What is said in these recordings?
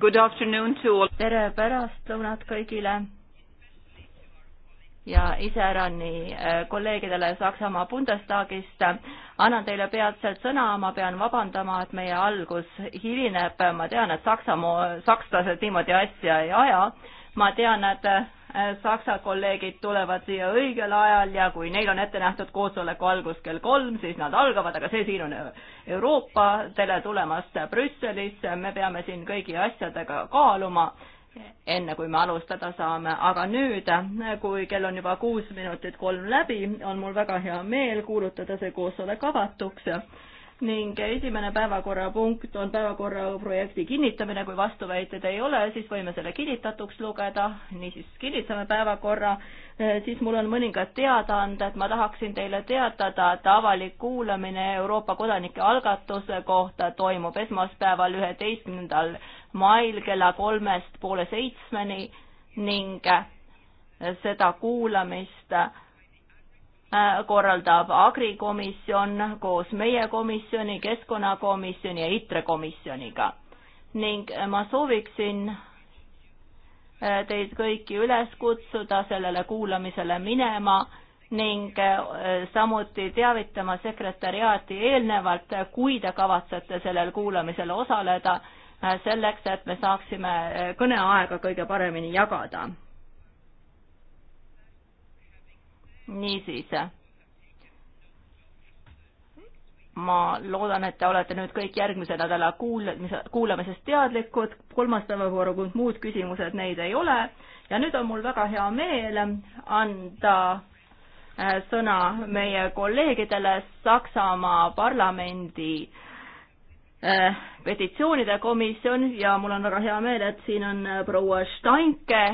Good afternoon to all. tere pärastlõunat kõigile ja iseärani äh, kolleegidele Saksamaa Bundestagist. annan teile peatselt sõna, ma pean vabandama, et meie algus hilineb, ma tean, et Saksamaa, sakslased niimoodi asja ei aja. ma tean, et Äh, Saksa kolleegid tulevad siia õigel ajal ja kui neil on ette nähtud koosoleku algus kell kolm, siis nad algavad, aga see siin on Euroopa, tere tulemast Brüsselisse, me peame siin kõigi asjadega kaaluma, enne kui me alustada saame, aga nüüd, kui kell on juba kuus minutit kolm läbi, on mul väga hea meel kuulutada see koosolek avatuks ning esimene päevakorrapunkt on päevakorra projekti kinnitamine, kui vastuväiteid ei ole, siis võime selle kinnitatuks lugeda, niisiis kinnitame päevakorra, siis mul on mõningad teadaanded, ma tahaksin teile teatada, et avalik kuulamine Euroopa kodanike algatuse kohta toimub esmaspäeval, üheteistkümnendal mail kella kolmest poole seitsmeni ning seda kuulamist Äh, korraldab agrikomisjon koos meie komisjoni, keskkonnakomisjoni ja ITRE komisjoniga. ning äh, ma sooviksin äh, teid kõiki üles kutsuda sellele kuulamisele minema ning samuti teavitama sekretäriaati eelnevalt, kui te kavatsete sellel kuulamisel osaleda, selleks et me saaksime kõneaega kõige paremini jagada niisiis, ma loodan, et te olete nüüd kõik järgmise nädala kuulamise, kuulamisest teadlikud, kolmas päevakorrapunkt, muud küsimused neid ei ole ja nüüd on mul väga hea meel anda äh, sõna meie kolleegidele Saksamaa parlamendi äh, petitsioonide komisjon ja mul on väga hea meel, et siin on äh, proua Steinke,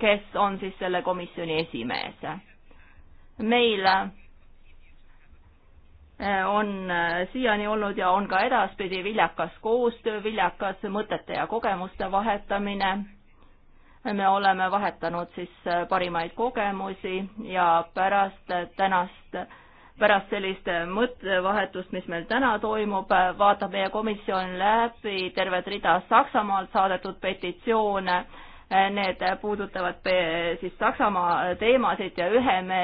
kes on siis selle komisjoni esimees meil äh, on äh, siiani olnud ja on ka edaspidi viljakas koostöö, viljakas mõtete ja kogemuste vahetamine. me oleme vahetanud siis äh, parimaid kogemusi ja pärast tänast, pärast sellist mõttevahetust, mis meil täna toimub, vaatab meie komisjon läbi terved rida Saksamaalt saadetud petitsioone Need puudutavad eh, siis Saksamaa teemasid ja ühe me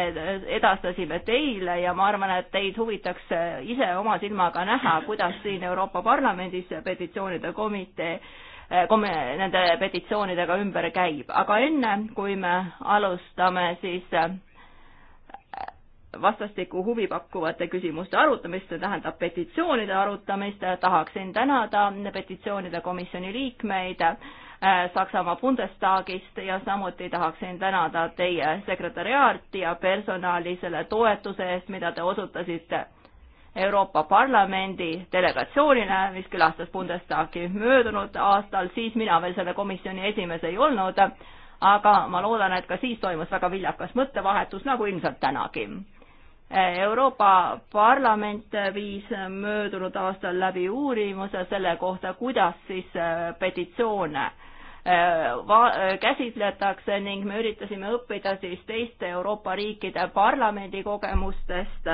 edastasime teile ja ma arvan, et teid huvitaks eh, ise oma silmaga näha, kuidas siin Euroopa Parlamendis petitsioonide komitee eh, komme, nende petitsioonidega ümber käib. aga enne, kui me alustame, siis vastastikku huvipakkuvate küsimuste arutamist, see tähendab petitsioonide arutamist, tahaksin tänada petitsioonide komisjoni liikmeid Äh, Saksamaa Bundestagist ja samuti tahaksin tänada teie sekretäriaati ja personali selle toetuse eest, mida te osutasite Euroopa Parlamendi delegatsioonile, mis külastas Bundestagi möödunud aastal, siis mina veel selle komisjoni esimees ei olnud, aga ma loodan, et ka siis toimus väga viljakas mõttevahetus, nagu ilmselt tänagi. Äh, Euroopa Parlament viis möödunud aastal läbi uurimuse selle kohta, kuidas siis äh, petitsioone käsitletakse ning me üritasime õppida siis teiste Euroopa riikide parlamendi kogemustest.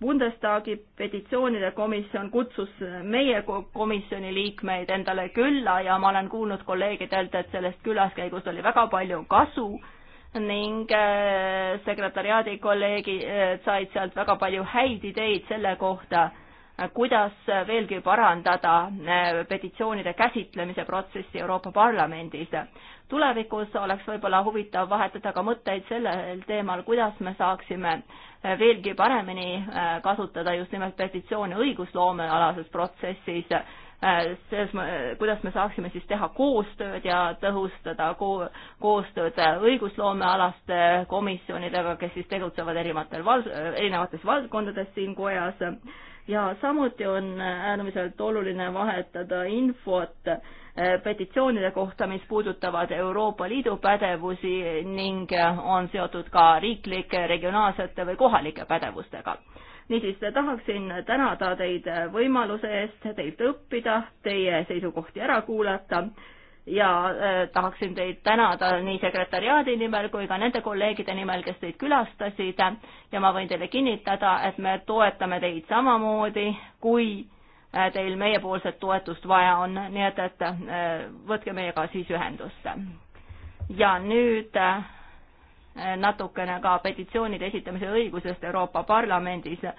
Bundestagi petitsioonide komisjon kutsus meie komisjoni liikmeid endale külla ja ma olen kuulnud kolleegidelt, et sellest külaskäigust oli väga palju kasu ning äh, sekretäriaadi kolleegid äh, said sealt väga palju häid ideid selle kohta Äh, kuidas veelgi parandada äh, petitsioonide käsitlemise protsessi Euroopa Parlamendis. tulevikus oleks võib-olla huvitav vahetada ka mõtteid sellel teemal, kuidas me saaksime äh, veelgi paremini kasutada just nimelt petitsioone õigusloomealases protsessis, selles, kuidas me saaksime siis teha koostööd ja tõhustada ko koostööd õigusloomealaste komisjonidega, kes siis tegutsevad erinevatel val-, erinevates valdkondades siin kojas ja samuti on äärmiselt oluline vahetada infot eh, petitsioonide kohta, mis puudutavad Euroopa Liidu pädevusi ning eh, on seotud ka riiklike, regionaalsete või kohalike pädevustega. niisiis, tahaksin tänada teid võimaluse eest teilt õppida, teie seisukohti ära kuulata ja äh, tahaksin teid tänada nii sekretäriaadi nimel kui ka nende kolleegide nimel, kes teid külastasid ja ma võin teile kinnitada, et me toetame teid samamoodi, kui äh, teil meiepoolset toetust vaja on, nii et, et äh, võtke meiega siis ühendust. ja nüüd äh, natukene ka petitsioonide esitamise õigusest Euroopa Parlamendis äh,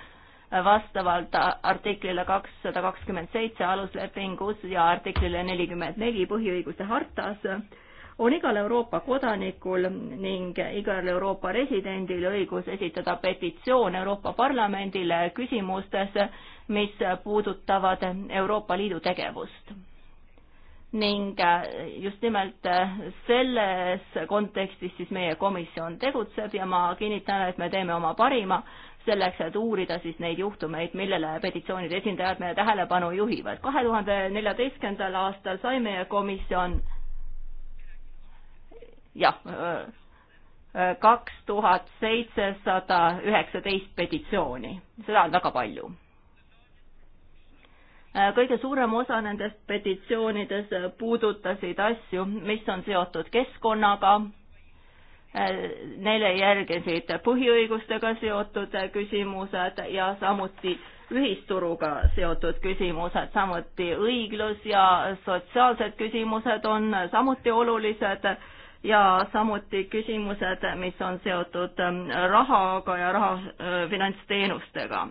vastavalt artiklile kakssada kakskümmend seitse aluslepingus ja artiklile nelikümmend neli põhiõiguste hartas on igal Euroopa kodanikul ning igal Euroopa residendil õigus esitada petitsioon Euroopa Parlamendile küsimustes, mis puudutavad Euroopa Liidu tegevust. ning äh, just nimelt äh, selles kontekstis siis meie komisjon tegutseb ja ma kinnitan, et me teeme oma parima selleks, et uurida siis neid juhtumeid, millele petitsioonide esindajad meie tähelepanu juhivad. kahe tuhande neljateistkümnendal aastal sai meie komisjon jah, äh, äh, kaks tuhat seitsesada üheksateist petitsiooni, seda on väga palju äh, kõige suurem osa nendest petitsioonidest puudutasid asju, mis on seotud keskkonnaga Äh, neile järgisid põhiõigustega seotud küsimused ja samuti ühisturuga seotud küsimused, samuti õiglus ja sotsiaalsed küsimused on samuti olulised ja samuti küsimused, mis on seotud ähm, rahaga ja raha äh, finantsteenustega.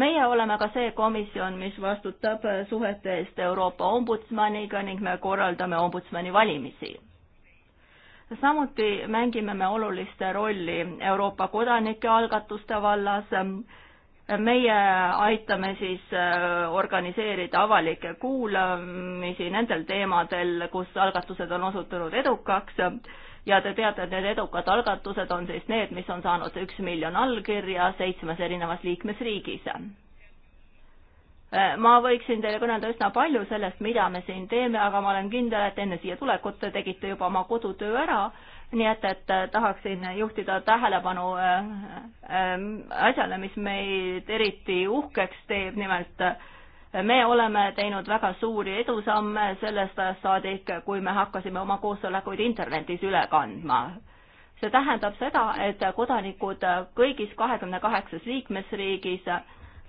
meie oleme ka see komisjon, mis vastutab suhete eest Euroopa ombudsmaniga ning me korraldame ombudsmani valimisi samuti mängime me olulist rolli Euroopa kodanike algatuste vallas. meie aitame siis äh, organiseerida avalikke kuulamisi nendel teemadel, kus algatused on osutunud edukaks ja te teate, et need edukad algatused on siis need, mis on saanud üks miljon allkirja seitsmes erinevas liikmesriigis Äh, ma võiksin teile kõnelda üsna palju sellest, mida me siin teeme, aga ma olen kindel, et enne siia tulekut te tegite juba oma kodutöö ära, nii et, et äh, tahaksin juhtida tähelepanu äh, ähm, asjale, mis meid eriti uhkeks teeb, nimelt me oleme teinud väga suuri edusamme sellest ajast saadik, kui me hakkasime oma koosolekuid internetis üle kandma see tähendab seda, et kodanikud kõigis kahekümne kaheksas liikmesriigis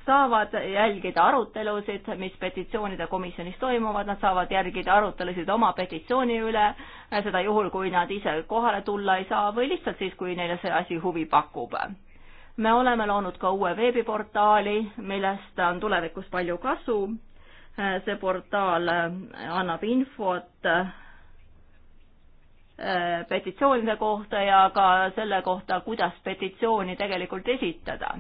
saavad jälgida arutelusid, mis petitsioonide komisjonis toimuvad, nad saavad jälgida arutelusid oma petitsiooni üle, seda juhul, kui nad ise kohale tulla ei saa või lihtsalt siis, kui neile see asi huvi pakub. me oleme loonud ka uue veebiportaali, millest on tulevikus palju kasu. see portaal annab infot äh, petitsioonide kohta ja ka selle kohta, kuidas petitsiooni tegelikult esitada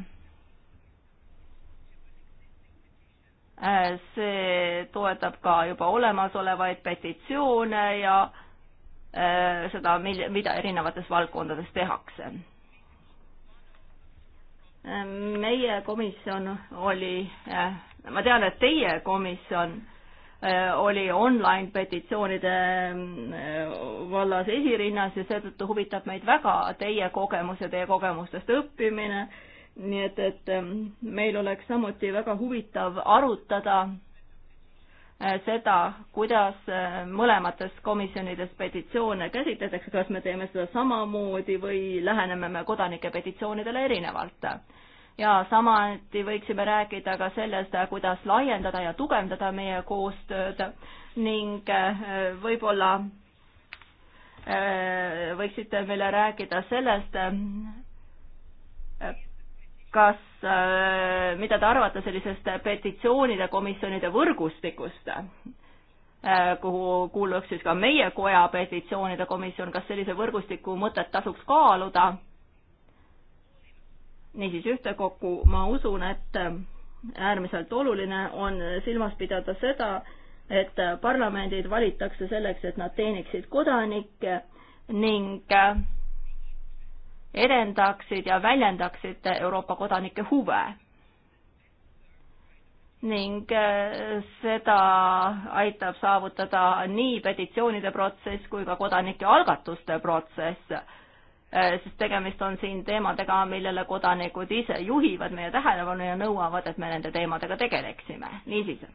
Äh, see toetab ka juba olemasolevaid petitsioone ja äh, seda, mida erinevates valdkondades tehakse. Äh, meie komisjon oli, ma tean, et teie komisjon oli online petitsioonide vallas esirinnas ja seetõttu huvitab meid väga teie kogemus ja teie kogemustest õppimine nii et, et ähm, meil oleks samuti väga huvitav arutada äh, seda, kuidas äh, mõlemates komisjonides petitsioone käsitletakse, kas me teeme seda samamoodi või läheneme me kodanike petitsioonidele erinevalt. ja samuti võiksime rääkida ka sellest, äh, kuidas laiendada ja tugevdada meie koostööd ning võib-olla võiksite meile rääkida sellest, kas, äh, mida te arvate sellisest petitsioonide komisjonide võrgustikust, äh, kuhu kuuluks siis ka meie koja petitsioonide komisjon, kas sellise võrgustiku mõtet tasuks kaaluda? niisiis, ühtekokku ma usun, et äh, äärmiselt oluline on silmas pidada seda, et parlamendid valitakse selleks, et nad teeniksid kodanikke ning äh, edendaksid ja väljendaksid Euroopa kodanike huve. ning äh, seda aitab saavutada nii petitsioonide protsess kui ka kodanike algatuste protsess, äh, sest tegemist on siin teemadega, millele kodanikud ise juhivad meie tähelepanu ja nõuavad, et me nende teemadega tegeleksime. niisiis,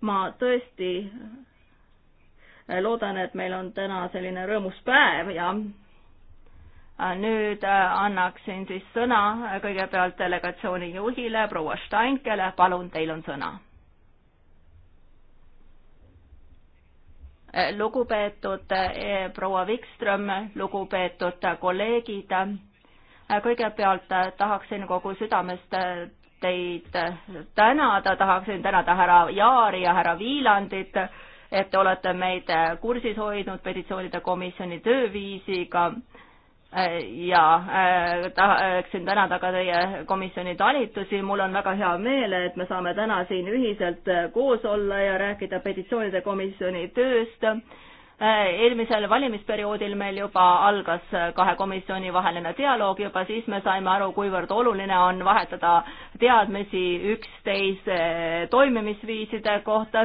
ma tõesti loodan, et meil on täna selline rõõmus päev ja Äh, nüüd äh, annaksin siis sõna äh, kõigepealt delegatsiooni juhile, proua Steinkele, palun, teil on sõna. lugupeetud proua Wikström, lugupeetud kolleegid, kõigepealt tahaksin kogu südamest teid tänada, tahaksin tänada härra Jaari ja härra Viilandit, et te olete meid kursis hoidnud petitsioonide komisjoni tööviisiga Äh, ja äh, tahaksin tänada ka teie komisjoni talitusi, mul on väga hea meel, et me saame täna siin ühiselt äh, koos olla ja rääkida petitsioonide komisjoni tööst. eelmisel valimisperioodil meil juba algas kahe komisjoni vaheline dialoog, juba siis me saime aru, kuivõrd oluline on vahetada teadmisi üksteise toimimisviiside kohta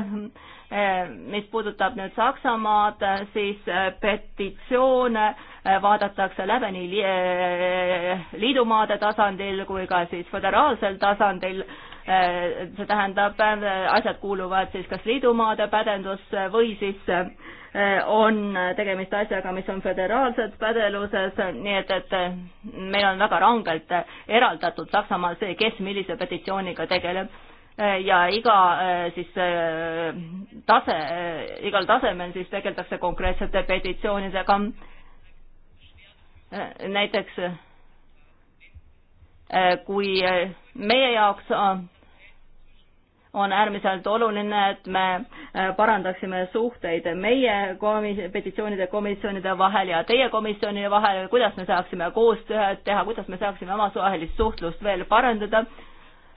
mis puudutab nüüd Saksamaad, siis petitsioon Äh, vaadatakse läbi nii äh, liidumaade tasandil kui ka siis föderaalsel tasandil. Äh, see tähendab, asjad kuuluvad siis kas liidumaade pädevusse või siis on tegemist asjaga, mis on föderaalses pädevuses, nii et, et meil on väga rangelt eraldatud Saksamaal see, kes millise petitsiooniga tegeleb ja iga siis tase, igal tasemel siis tegeldakse konkreetsete petitsioonidega Äh, näiteks äh, kui äh, meie jaoks on äärmiselt oluline, et me parandaksime suhteid meie komis-, petitsioonide komisjonide vahel ja teie komisjonide vahel, kuidas me saaksime koostööd teha, kuidas me saaksime omavahelist suhtlust veel parandada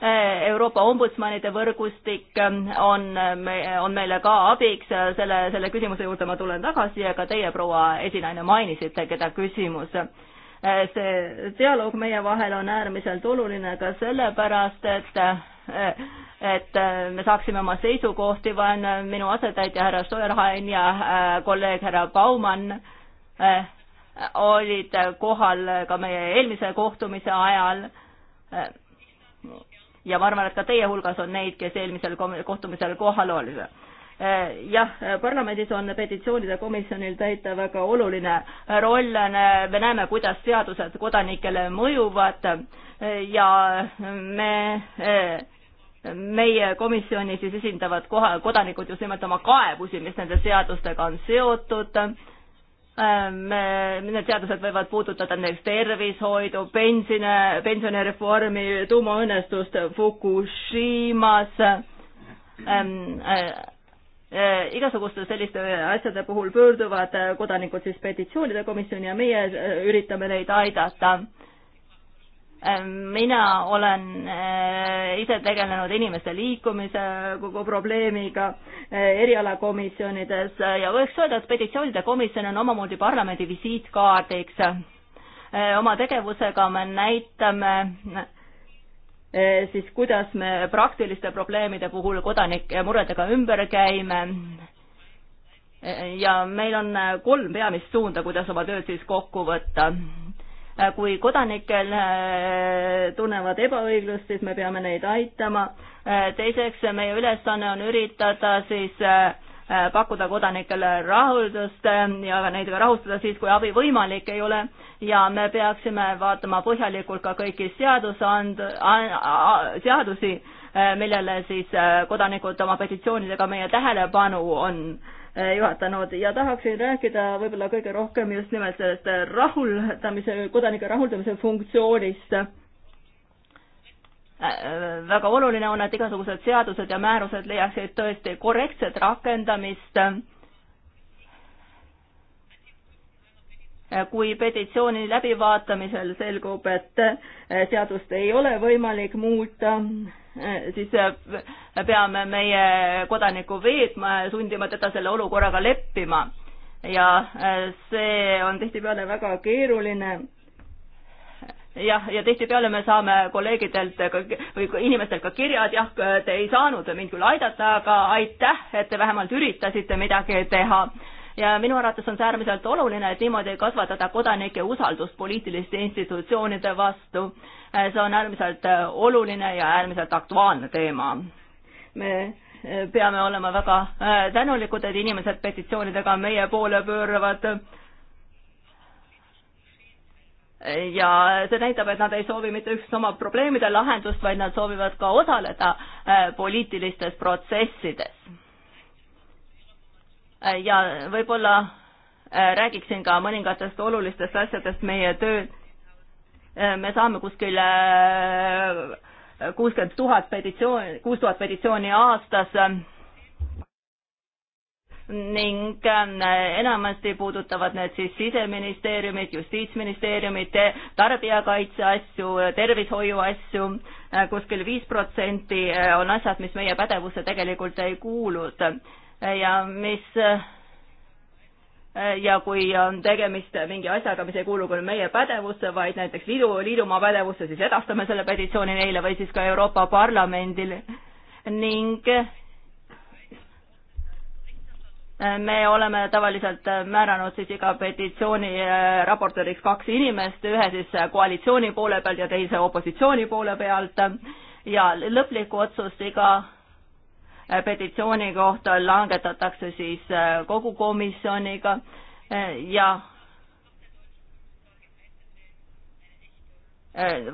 Euroopa ombudsmanide võrgustik ähm, on, ähm, on meile ka abiks, äh, selle, selle küsimuse juurde ma tulen tagasi ja ka teie, proua esinaine, mainisite, keda küsimus. Äh, see dialoog meie vahel on äärmiselt oluline ka sellepärast, et äh, et me saaksime oma seisukohti, vaen minu asetäitja härra Stoerhain ja kolleeg härra Baumann olid kohal ka meie eelmise kohtumise ajal ja ma arvan, et ka teie hulgas on neid, kes eelmisel kohtumisel kohal olid eh, jah, parlamendis on petitsioonide komisjonil täita väga oluline roll, me näeme, kuidas seadused kodanikele mõjuvad eh, ja me eh, meie komisjoni siis esindavad koha, kodanikud just nimelt oma kaebusi, mis nende seadustega on seotud Ähm, me, need seadused võivad puudutada näiteks tervishoidu, pensione, pensionireformi, tuumaõnnestust Fukushimas ähm,. Äh, äh, igasuguste selliste asjade puhul pöörduvad kodanikud siis petitsioonide komisjoni ja meie äh, üritame neid aidata Äh, mina olen äh, ise tegelenud inimeste liikumise kogu probleemiga äh, erialakomisjonides ja võiks öelda, et petitsioonide komisjon on omamoodi parlamendi visiitkaardiks. oma tegevusega me näitame siis kuidas me praktiliste probleemide puhul kodanike muredega ümber käime ja meil on kolm peamist suunda, kuidas oma tööd siis kokku võtta. Äh, kui kodanikel äh, tunnevad ebaõiglust, siis me peame neid aitama. Äh, teiseks, meie ülesanne on üritada siis pakkuda kodanikele rahuldust ja neid ka rahustada siis, kui abi võimalik ei ole ja me peaksime vaatama põhjalikult ka kõiki seadusand-, seadusi, millele siis kodanikud oma petitsioonidega meie tähelepanu on Eh, juhatanud ja tahaksin rääkida võib-olla kõige rohkem just nimelt sellest rahuldamise, kodanike rahuldamise funktsioonist. Eh, eh, väga oluline on, et igasugused seadused ja määrused leiaksid tõesti korrektset rakendamist Eh, kui petitsiooni läbivaatamisel selgub, et eh, seadust ei ole võimalik muuta, eh, siis peame meie kodaniku veetma ja sundima teda selle olukorraga leppima. ja see on tihtipeale väga keeruline jah, ja, ja tihtipeale me saame kolleegidelt ka, või inimestelt ka kirjad, jah, te ei saanud mind küll aidata, aga aitäh, et te vähemalt üritasite midagi teha ja minu arvates on see äärmiselt oluline, et niimoodi kasvatada kodanike usaldust poliitiliste institutsioonide vastu. Äh, see on äärmiselt äh, oluline ja äärmiselt aktuaalne teema. me äh, peame olema väga tänulikud, et inimesed petitsioonidega meie poole pööravad ja see näitab, et nad ei soovi mitte üksnes oma probleemide lahendust, vaid nad soovivad ka osaleda poliitilistes protsessides. Äh, ja võib-olla äh, räägiksin ka mõningatest olulistest asjadest meie töö. Äh, me saame kuskil kuuskümmend tuhat petitsiooni, kuus tuhat petitsiooni aastas ning enamasti puudutavad need siis siseministeeriumit, justiitsministeeriumit, tarbijakaitse asju, tervishoiu asju kuskil, kuskil viis protsenti on asjad, mis meie pädevusse tegelikult ei kuulu ja mis ja kui on tegemist mingi asjaga, mis ei kuulu küll meie pädevusse, vaid näiteks liidu, liidumaa pädevusse, siis edastame selle petitsiooni neile või siis ka Euroopa Parlamendile ning me oleme tavaliselt määranud siis iga petitsiooni eh, raportööriks kaks inimest, ühe siis koalitsiooni poole pealt ja teise opositsiooni poole pealt ja lõplikku otsust iga Äh, petitsiooni kohta langetatakse siis äh, kogu komisjoniga äh, ja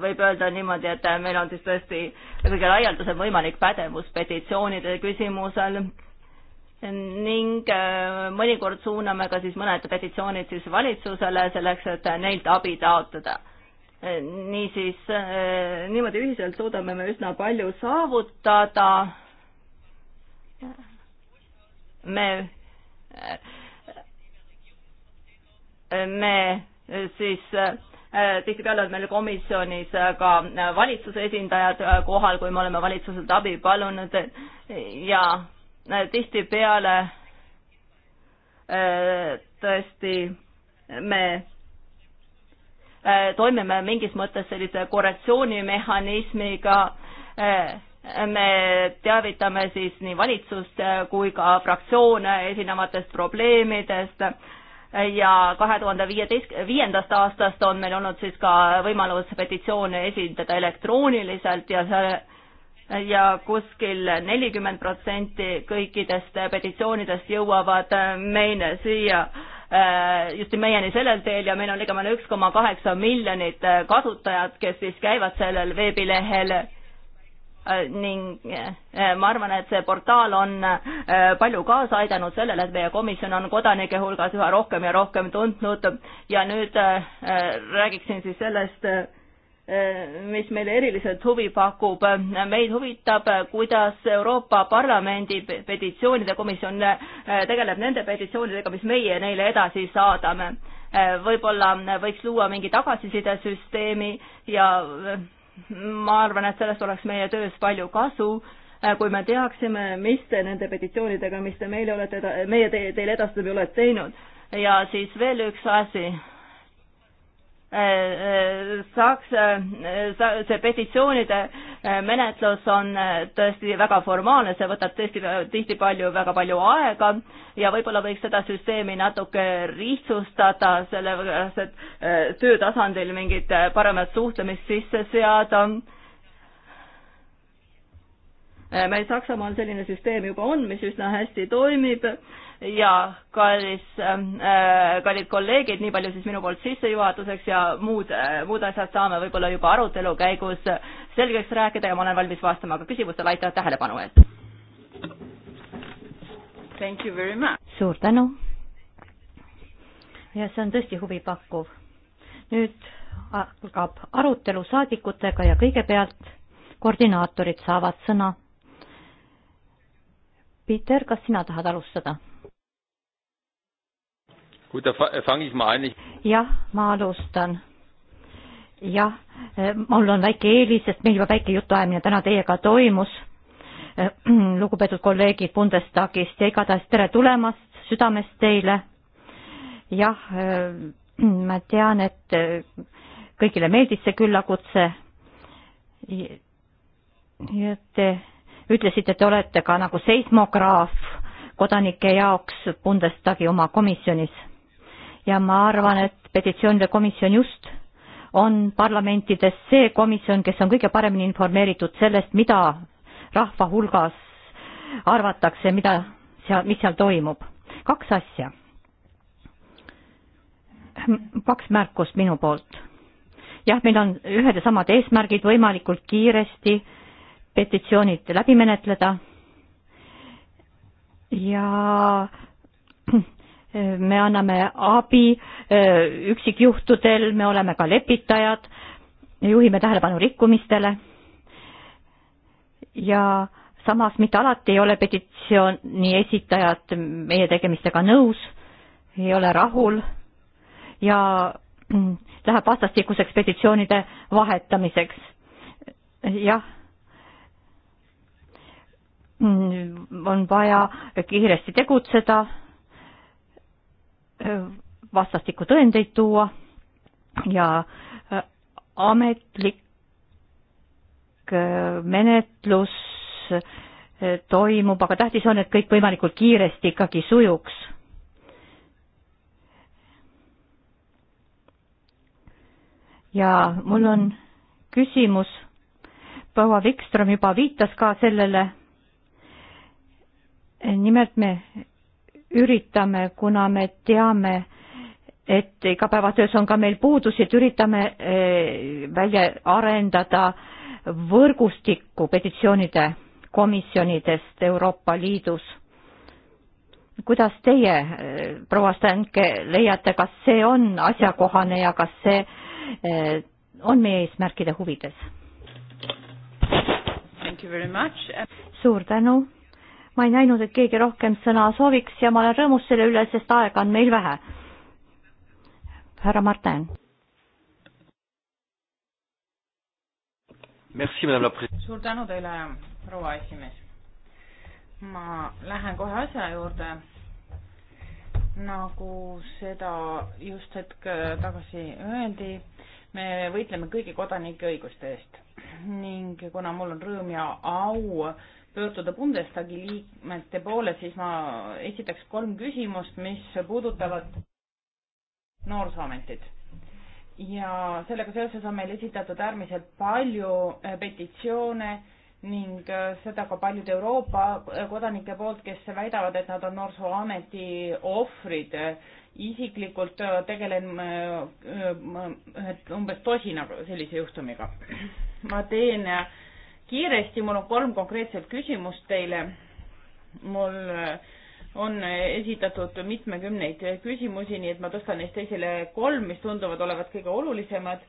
võib öelda niimoodi, et meil on siis tõesti kõige laialdasem võimalik pädevus petitsioonide küsimusel ning mõnikord suuname ka siis mõned petitsioonid siis valitsusele selleks, et neilt abi taotleda. niisiis, niimoodi ühiselt suudame me üsna palju saavutada me, me siis äh, tihtipeale on meil komisjonis ka valitsuse esindajad äh, kohal, kui me oleme valitsuselt abi palunud ja äh, tihtipeale tõesti me toimime mingis mõttes sellise korrektsioonimehhanismiga me teavitame siis nii valitsust kui ka fraktsioone esinevatest probleemidest ja kahe tuhande viieteist, viiendast aastast on meil olnud siis ka võimalus petitsioone esindada elektrooniliselt ja see ja kuskil nelikümmend protsenti kõikidest petitsioonidest jõuavad meile siia äh, just meieni sellel teel ja meil on ligemale üks koma kaheksa miljonit kasutajat, kes siis käivad sellel veebilehel Äh, ning äh, ma arvan, et see portaal on äh, palju kaasa aidanud sellele, et meie komisjon on kodanike hulgas üha rohkem ja rohkem tuntud ja nüüd räägiksin siis sellest, mis meile eriliselt huvi pakub. meid huvitab, kuidas Euroopa Parlamendi petitsioonide komisjon tegeleb nende petitsioonidega, mis meie neile edasi saadame. võib-olla võiks luua mingi tagasisidesüsteemi ja ma arvan, et sellest oleks meie töös palju kasu, äh, kui me teaksime, mis te nende petitsioonidega, mis te meile olete, meie te, teile edastada olete teinud. ja siis veel üks asi saaks, see petitsioonide menetlus on tõesti väga formaalne, see võtab tõesti tihti palju, väga palju aega ja võib-olla võiks seda süsteemi natuke lihtsustada, sellepärast et äh, töö tasandil mingit paremat suhtlemist sisse seada. meil Saksamaal selline süsteem juba on, mis üsna hästi toimib ja kallis, ähm, äh, kallid kolleegid, nii palju siis minu poolt sissejuhatuseks ja muud, äh, muud asjad saame võib-olla juba arutelu käigus selgeks rääkida ja ma olen valmis vastama ka küsimustele, aitäh tähelepanu eest! suur tänu! ja see on tõesti huvipakkuv. nüüd algab arutelu saadikutega ja kõigepealt koordinaatorid saavad sõna. Peter, kas sina tahad alustada? jah, ma alustan. jah, äh, mul on väike eelis, sest meil juba väike jutuajamine täna teiega toimus. Äh, lugupeetud kolleegid Bundestagist ja igatahes tere tulemast südamest teile. jah, äh, ma tean, et kõigile meeldis see küllakutse. Te ütlesite, et te olete ka nagu seismograaf kodanike jaoks Bundestagi oma komisjonis ja ma arvan, et petitsioonide komisjon just on parlamentides see komisjon, kes on kõige paremini informeeritud sellest, mida rahva hulgas arvatakse, mida seal, mis seal toimub. kaks asja. kaks märkust minu poolt. jah, meil on ühed ja samad eesmärgid võimalikult kiiresti petitsioonid läbi menetleda ja me anname abi eh, üksikjuhtudel, me oleme ka lepitajad, juhime tähelepanu rikkumistele ja samas mitte alati ei ole petitsiooni esitajad meie tegemistega nõus, ei ole rahul ja mm, läheb vastastikuseks petitsioonide vahetamiseks. jah, mm, on vaja kiiresti tegutseda vastastikku tõendeid tuua ja äh, ametlik äh, menetlus äh, toimub, aga tähtis on, et kõik võimalikult kiiresti ikkagi sujuks. ja mul on küsimus, proua Vikström juba viitas ka sellele, nimelt me üritame, kuna me teame, et igapäevatöös on ka meil puudusi, et üritame eh, välja arendada võrgustikku petitsioonide komisjonidest Euroopa Liidus. kuidas teie, eh, proua Stanke, leiate, kas see on asjakohane ja kas see eh, on meie eesmärkide huvides? suur tänu ma ei näinud, et keegi rohkem sõna sooviks ja ma olen rõõmus selle üle, sest aega on meil vähe. härra Martin. suur tänu teile, proua esimees. ma lähen kohe asja juurde. nagu seda just hetk tagasi öeldi, me võitleme kõigi kodanike õiguste eest ning kuna mul on rõõm ja au pöörduda Bundestagi liikmete poole, siis ma esitaks kolm küsimust, mis puudutavad noorsooametit. ja sellega seoses on meil esitatud äärmiselt palju äh, petitsioone ning äh, seda ka paljude Euroopa äh, kodanike poolt, kes väidavad, et nad on noorsooameti ohvrid. isiklikult tegelen umbes tosina sellise juhtumiga. ma teen äh, kiiresti, mul on kolm konkreetset küsimust teile. mul äh, on esitatud mitmekümneid küsimusi, nii et ma tõstan neist esile kolm, mis tunduvad olevat kõige olulisemad.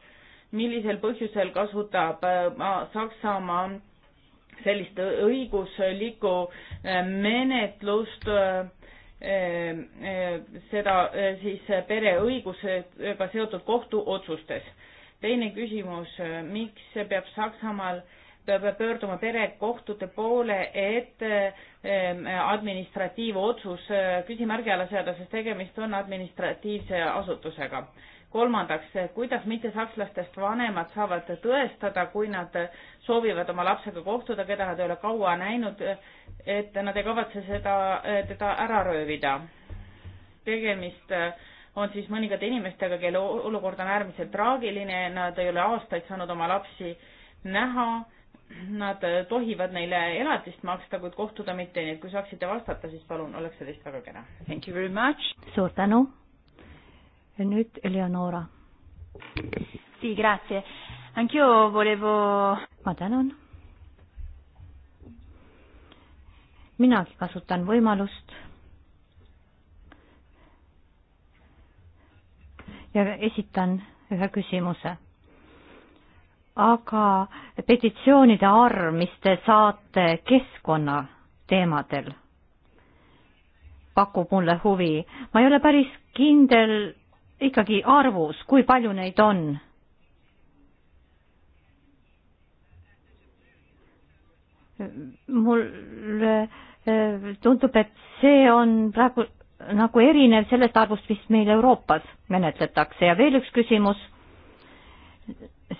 millisel põhjusel kasutab äh, Saksamaa sellist õiguslikku äh, menetlust seda siis pereõigusega seotud kohtuotsustes. teine küsimus, miks peab Saksamaal äh, peab pöörduma perekohtute poole, et ehm, administratiivotsus eh, küsimärgi alla seada, sest tegemist on administratiivse asutusega. kolmandaks, kuidas mittesakslastest vanemad saavad tõestada, kui nad soovivad oma lapsega kohtuda, keda nad ei ole kaua näinud, et nad ei kavatse seda, eh, teda ära röövida. tegemist eh, on siis mõningate inimestega, kelle olukord on äärmiselt traagiline, nad ei ole aastaid saanud oma lapsi näha nad äh, tohivad neile elatist maksta, kuid kohtuda mitte, nii et kui saaksite vastata, siis palun, oleks see teist väga kena. Thank you very much. suur tänu. ja nüüd Eleonora. Sì, grazie. Anch'io volevo... ma tänan. minagi kasutan võimalust ja esitan ühe küsimuse aga petitsioonide arv, mis te saate keskkonna teemadel, pakub mulle huvi. ma ei ole päris kindel ikkagi arvus, kui palju neid on. mulle eh, tundub, et see on praegu nagu erinev sellest arvust, mis meil Euroopas menetletakse ja veel üks küsimus,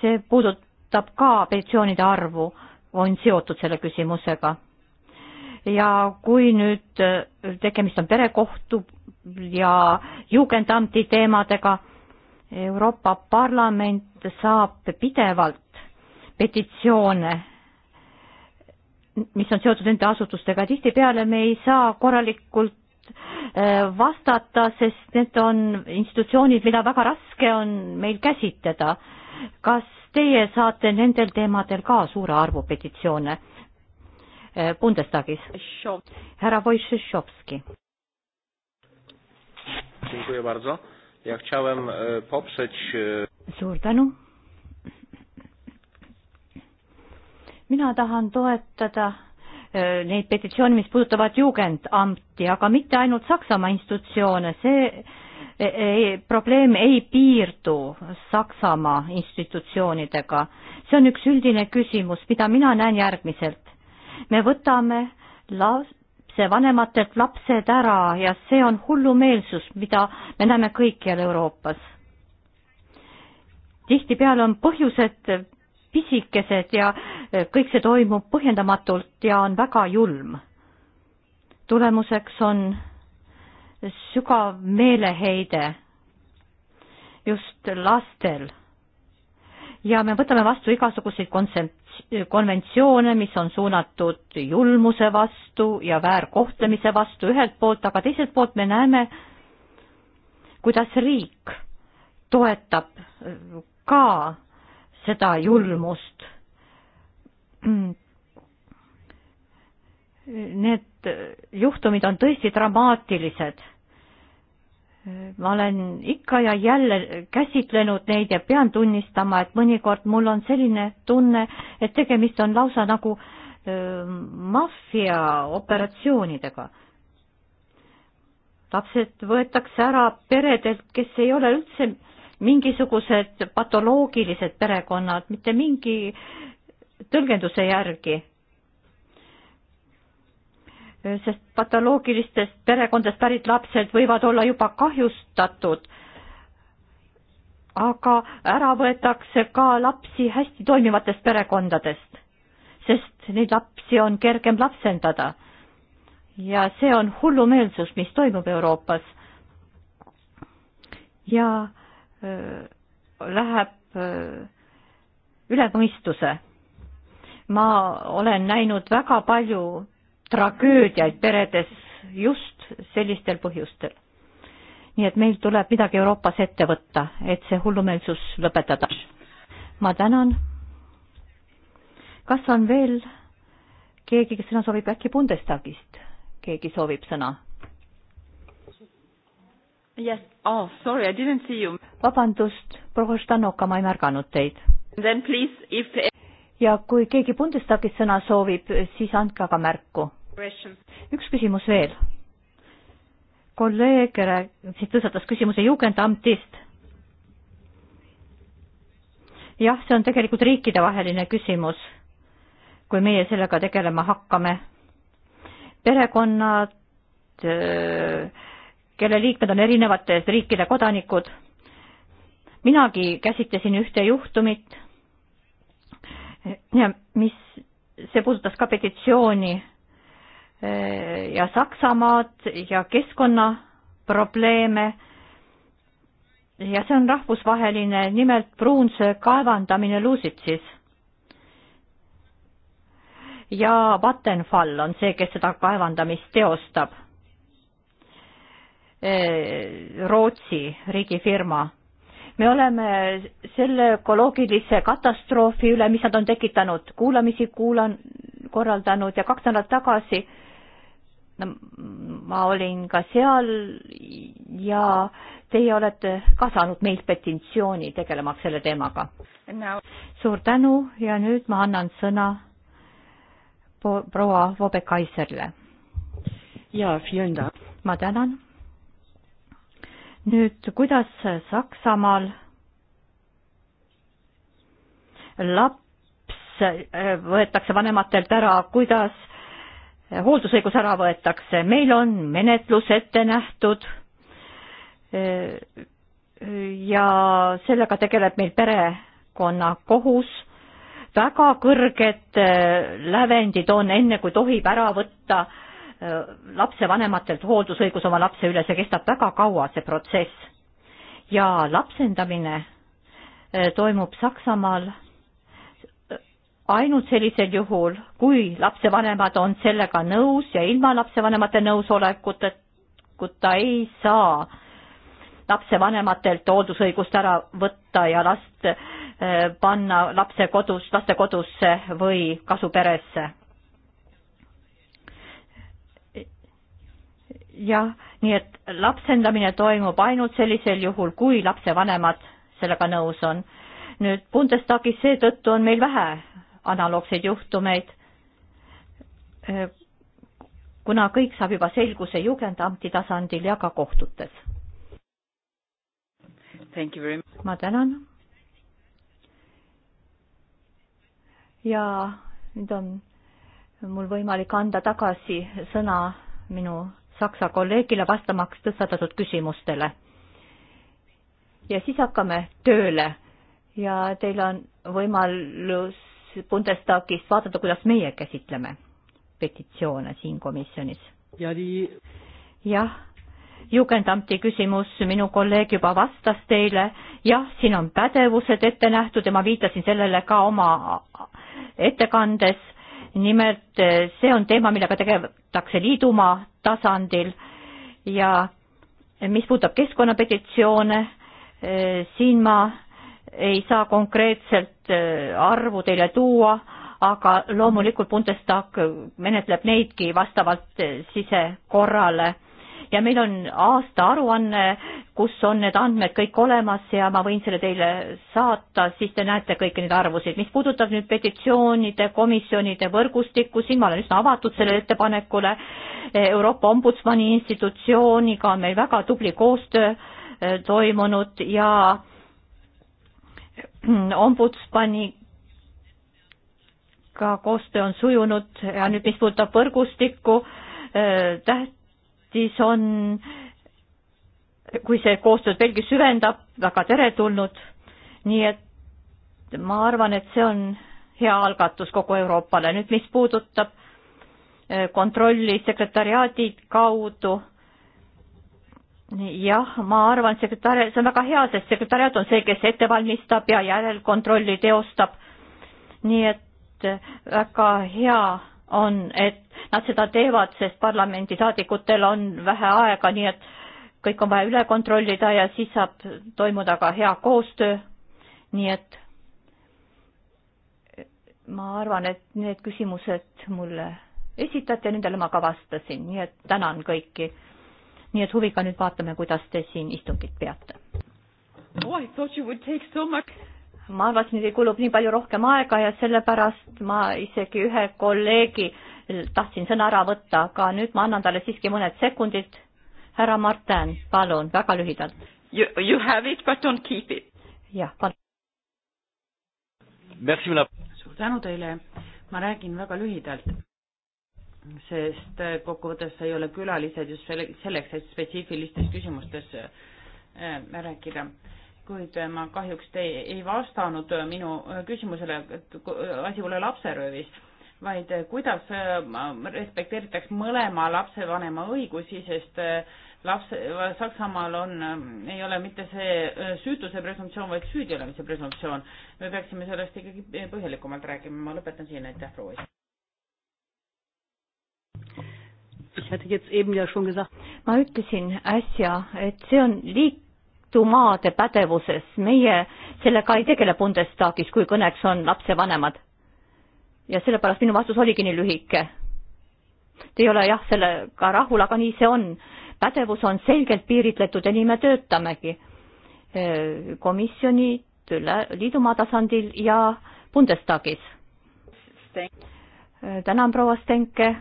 see puudutab puudutab ka petitsioonide arvu, on seotud selle küsimusega. ja kui nüüd äh, tegemist on perekohtu ja jugendamti teemadega, Euroopa Parlament saab pidevalt petitsioone, mis on seotud nende asutustega, tihtipeale me ei saa korralikult äh, vastata, sest need on institutsioonid, mida väga raske on meil käsitleda. kas teie saate nendel teemadel ka suure arvu petitsioone eh, Bundestagis. härra Wojciechowski. Dziękuję bardzo. Ja chciałem e, poprzeć... E, Suur tänu. Mina tahan toetada e, neid petitsioone, mis puudutavad Jugendamti, aga mitte ainult Saksamaa institutsioone. See probleem ei piirdu Saksamaa institutsioonidega. see on üks üldine küsimus, mida mina näen järgmiselt. me võtame lapsevanematelt lapsed ära ja see on hullumeelsus, mida me näeme kõikjal Euroopas. tihtipeale on põhjused pisikesed ja kõik see toimub põhjendamatult ja on väga julm. tulemuseks on sügav meeleheide just lastel. ja me võtame vastu igasuguseid konventsioone, mis on suunatud julmuse vastu ja väärkohtlemise vastu ühelt poolt, aga teiselt poolt me näeme, kuidas riik toetab ka seda julmust Need juhtumid on tõesti dramaatilised. ma olen ikka ja jälle käsitlenud neid ja pean tunnistama, et mõnikord mul on selline tunne, et tegemist on lausa nagu maffiaoperatsioonidega lapsed võetakse ära peredelt, kes ei ole üldse mingisugused patoloogilised perekonnad, mitte mingi tõlgenduse järgi sest patoloogilistest perekondadest pärit lapsed võivad olla juba kahjustatud, aga ära võetakse ka lapsi hästi toimivatest perekondadest, sest neid lapsi on kergem lapsendada. ja see on hullumeelsus, mis toimub Euroopas. ja öö, läheb öö, üle mõistuse. ma olen näinud väga palju tragöödiaid peredes just sellistel põhjustel. nii et meil tuleb midagi Euroopas ette võtta, et see hullumeelsus lõpetada. ma tänan. kas on veel keegi, kes sõna soovib, äkki Bundestagist keegi soovib sõna? Yes, oh sorry, I didn't see you. vabandust, proua Štanoka, ma ei märganud teid. Then please if ja kui keegi Bundestagis sõna soovib, siis andke aga märku. üks küsimus veel. kolleeg siin tõstatas küsimuse Jugendamtist. jah, see on tegelikult riikidevaheline küsimus, kui meie sellega tegelema hakkame. perekonnad, kelle liikmed on erinevate riikide kodanikud. minagi käsitlesin ühte juhtumit ja mis, see puudutas ka petitsiooni eh, ja Saksamaad ja keskkonnaprobleeme. ja see on rahvusvaheline, nimelt pruunsöö kaevandamine Lusitsis. ja Vattenfall on see, kes seda kaevandamist teostab. Eh, Rootsi riigifirma me oleme selle ökoloogilise katastroofi üle, mis nad on tekitanud, kuulamisi kuulan, korraldanud ja kaks nädalat tagasi no, ma olin ka seal ja teie olete ka saanud meilt petitsiooni tegelemaks selle teemaga no.. suur tänu ja nüüd ma annan sõna proua Vobe Kaiserile. jaa, ma tänan nüüd, kuidas Saksamaal laps äh, võetakse vanematelt ära, kuidas hooldusõigus ära võetakse, meil on menetlus ette nähtud äh, ja sellega tegeleb meil perekonnakohus, väga kõrged äh, lävendid on, enne kui tohib ära võtta äh, Äh, lapsevanematelt hooldusõigus oma lapse üle, see kestab väga kaua, see protsess. ja lapsendamine äh, toimub Saksamaal äh, ainult sellisel juhul, kui lapsevanemad on sellega nõus ja ilma lapsevanemate nõusolekuta ei saa lapsevanematelt hooldusõigust ära võtta ja last panna lapse kodus, laste kodusse või kasuperesse jah, nii et lapsendamine toimub ainult sellisel juhul, kui lapsevanemad sellega nõus on. nüüd Bundestagis seetõttu on meil vähe analoogseid juhtumeid, äh, kuna kõik saab juba selguse Jugendamti tasandil ja ka kohtutes. ma tänan. ja nüüd on mul võimalik anda tagasi sõna minu Saksa kolleegile vastamaks tõstatatud küsimustele. ja siis hakkame tööle ja teil on võimalus Bundestagist vaadata, kuidas meie käsitleme petitsioone siin komisjonis. jah, Jugendamti küsimus, minu kolleeg juba vastas teile, jah, siin on pädevused ette nähtud ja ma viitasin sellele ka oma ettekandes nimelt eh, see on teema, millega tegeletakse liidumaa tasandil ja mis puudutab keskkonnapetitsioone, eh, siin ma ei saa konkreetselt eh, arvu teile tuua, aga loomulikult Bundestag menetleb neidki vastavalt sisekorrale ja meil on aastaaruanne, kus on need andmed kõik olemas ja ma võin selle teile saata, siis te näete kõiki neid arvusid. mis puudutab nüüd petitsioonide komisjonide võrgustikku, siin ma olen üsna avatud sellele ettepanekule. Euroopa Ombudsmani institutsiooniga on meil väga tubli koostöö äh, toimunud ja äh, ombudsmani ka koostöö on sujunud ja nüüd, mis puudutab võrgustikku, äh, täht-, tähtis on, kui see koostööd veelgi süvendab, väga teretulnud. nii et ma arvan, et see on hea algatus kogu Euroopale. nüüd, mis puudutab eh, kontrolli sekretariaadi kaudu, jah, ma arvan, et sekretariaat, see on väga hea, sest sekretariaat on see, kes ette valmistab ja järelkontrolli teostab. nii et eh, väga hea on, et nad seda teevad, sest parlamendisaadikutel on vähe aega, nii et kõik on vaja üle kontrollida ja siis saab toimuda ka hea koostöö. nii et ma arvan, et need küsimused mulle esitati ja nendele ma ka vastasin, nii et tänan kõiki. nii et huviga nüüd vaatame, kuidas te siin istungit peate oh, ma arvasin, et kulub nii palju rohkem aega ja sellepärast ma isegi ühe kolleegi tahtsin sõna ära võtta, aga nüüd ma annan talle siiski mõned sekundid. härra Marten, palun, väga lühidalt. You, you have it, but don't keep it. jah, palun. suur tänu teile, ma räägin väga lühidalt, sest kokkuvõttes ei ole külalised just selleks, et spetsiifilistes küsimustes äh, rääkida äh, kuid ma kahjuks te ei vastanud minu küsimusele, et asi pole lapseröövis, vaid kuidas respekteeritakse mõlema lapsevanema õigusi, sest äh, laps, Saksamaal on, äh, ei ole mitte see äh, süütuse presumptsioon, vaid süüdi olemise presumptsioon. me peaksime sellest ikkagi põhjalikumalt rääkima, ma lõpetan siin, aitäh, proua esimees. ma ütlesin äsja, et see on liik-, kohtumaade pädevuses, meie sellega ei tegele Bundestagis, kui kõneks on lapsevanemad. ja sellepärast minu vastus oligi nii lühike. Te ei ole jah, sellega rahul, aga nii see on. pädevus on selgelt piiritletud ja nii me töötamegi. komisjonid liidumaa tasandil ja Bundestagis. tänan, proua Stenke.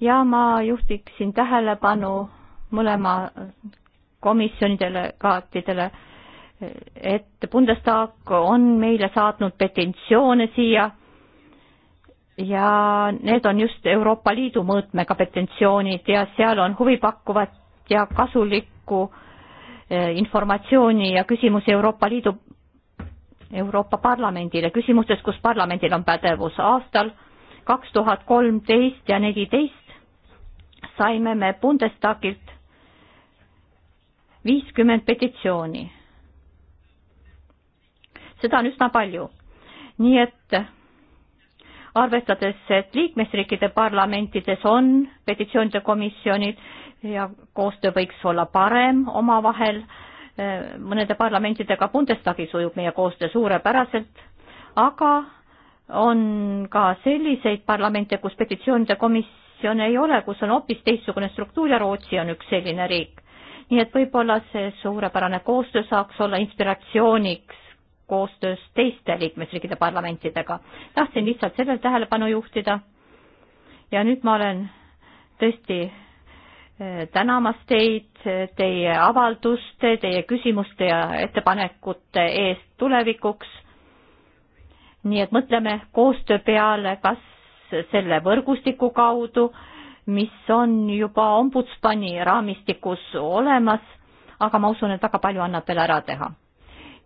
ja ma juhtiksin tähelepanu mõlema komisjoni delegaatidele, et Bundestag on meile saatnud petentsioone siia ja need on just Euroopa Liidu mõõtmega petentsioonid ja seal on huvipakkuvat ja kasulikku eh, informatsiooni ja küsimusi Euroopa Liidu, Euroopa Parlamendile, küsimustes, kus parlamendil on pädevus. aastal kaks tuhat kolmteist ja neliteist saime me Bundestagilt viiskümmend petitsiooni. seda on üsna palju. nii et arvestades, et liikmesriikide parlamentides on petitsioonide komisjonid ja koostöö võiks olla parem omavahel, eh, mõnede parlamentidega Bundestagis ujub meie koostöö suurepäraselt, aga on ka selliseid parlamente, kus petitsioonide komisjon ei ole, kus on hoopis teistsugune struktuur ja Rootsi on üks selline riik nii et võib-olla see suurepärane koostöö saaks olla inspiratsiooniks koostöös teiste liikmesriikide parlamentidega. tahtsin lihtsalt sellele tähelepanu juhtida. ja nüüd ma olen tõesti eh, tänamas teid teie avalduste, teie küsimuste ja ettepanekute eest tulevikuks. nii et mõtleme koostöö peale, kas selle võrgustiku kaudu mis on juba ombudsmani raamistikus olemas, aga ma usun, et väga palju annab veel ära teha.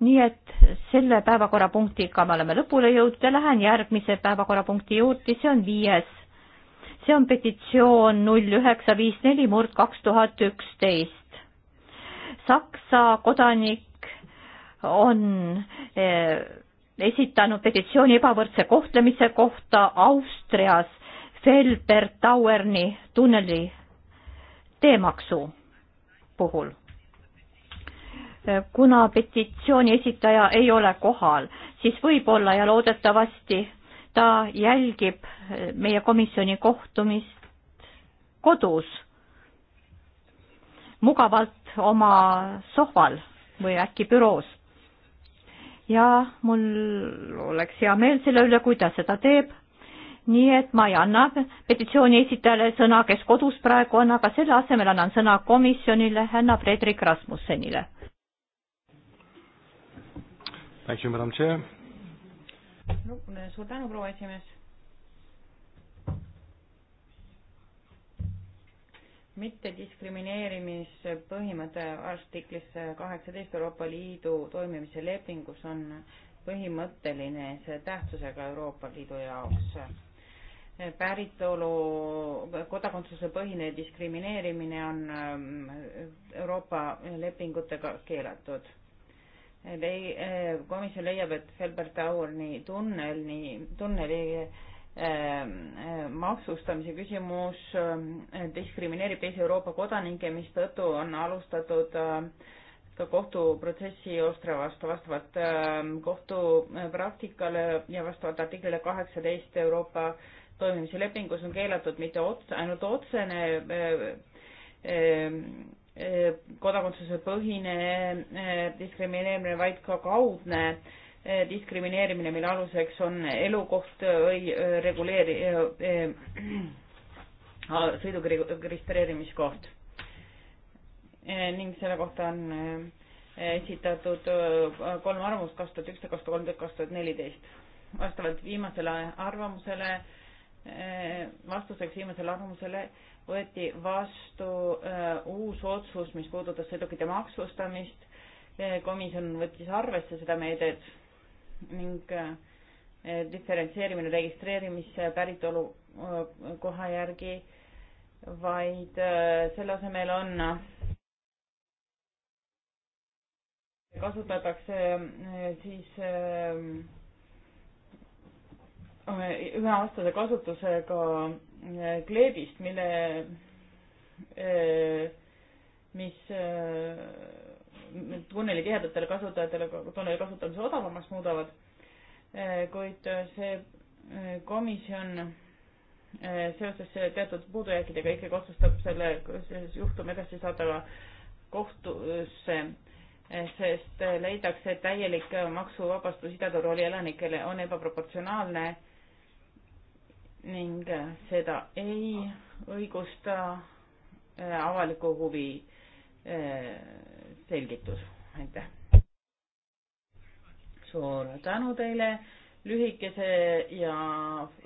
nii et selle päevakorrapunktiga me oleme lõpule jõudnud ja lähen järgmise päevakorrapunkti juurde, see on viies. see on petitsioon null üheksa viis neli murd kaks tuhat üksteist. Saksa kodanik on eh, esitanud petitsiooni ebavõrdse kohtlemise kohta Austrias Felbertauerni tunneli teemaksu puhul. kuna petitsiooni esitaja ei ole kohal, siis võib-olla ja loodetavasti ta jälgib meie komisjoni kohtumist kodus, mugavalt oma sohval või äkki büroos. ja mul oleks hea meel selle üle, kui ta seda teeb nii et ma ei anna petitsiooni esitajale sõna, kes kodus praegu on, aga selle asemel annan sõna komisjonile, Hanna Fredrik Rasmussenile. Eh, suur tänu, proua esimees. mittediskrimineerimispõhimõte artiklis kaheksateist Euroopa Liidu toimimise lepingus on põhimõtteline see tähtsusega Euroopa Liidu jaoks päritolu, kodakondsuse põhine diskrimineerimine on ähm, Euroopa lepingutega keelatud. Lei-, äh, komisjon leiab, et Felbert Auerni tunnel, nii tunneli ähm, äh, maksustamise küsimus ähm, diskrimineerib teisi Euroopa kodanikke, mistõttu on alustatud ka kohtuprotsessi Ostra vastu vastavalt kohtupraktikale ja vastavalt artiklile kaheksateist Euroopa äh, toimimise lepingus on keelatud mitte ots-, ainult otsene äh, äh, äh, kodakondsuse põhine diskrimineerimine, vaid ka kaudne diskrimineerimine, mille aluseks on elukoht või reguleeri-, sõiduki registreerimiskoht. ning selle kohta on esitatud kolm arvamust kaks tuhat üksteist, kaks tuhat kolmteist, kaks tuhat neliteist. vastavalt viimasele arvamusele Äh, vastuseks viimasele arvamusele võeti vastu äh, uus otsus, mis puudutas sõidukite maksustamist. Äh, komisjon võttis arvesse seda meedet ning diferentseerimine registreerimise päritolu koha järgi, vaid selle asemel on, kasutatakse siis üheaastase kasutusega eh, kleebist, mille, eh, mis eh, tunneli tihedatele kasutajatele tunneli kasutamise odavamaks muudavad, kuid see komisjon seoses teatud puudujääkidega ikkagi otsustab selle, selles juhtumi edasi saada kohtusse, sest leidakse, et täielik maksuvabastus Ida-Tiroli elanikele on ebaproportsionaalne ning seda ei õigusta äh, avaliku huvi äh, selgitus. aitäh. suur tänu teile lühikese ja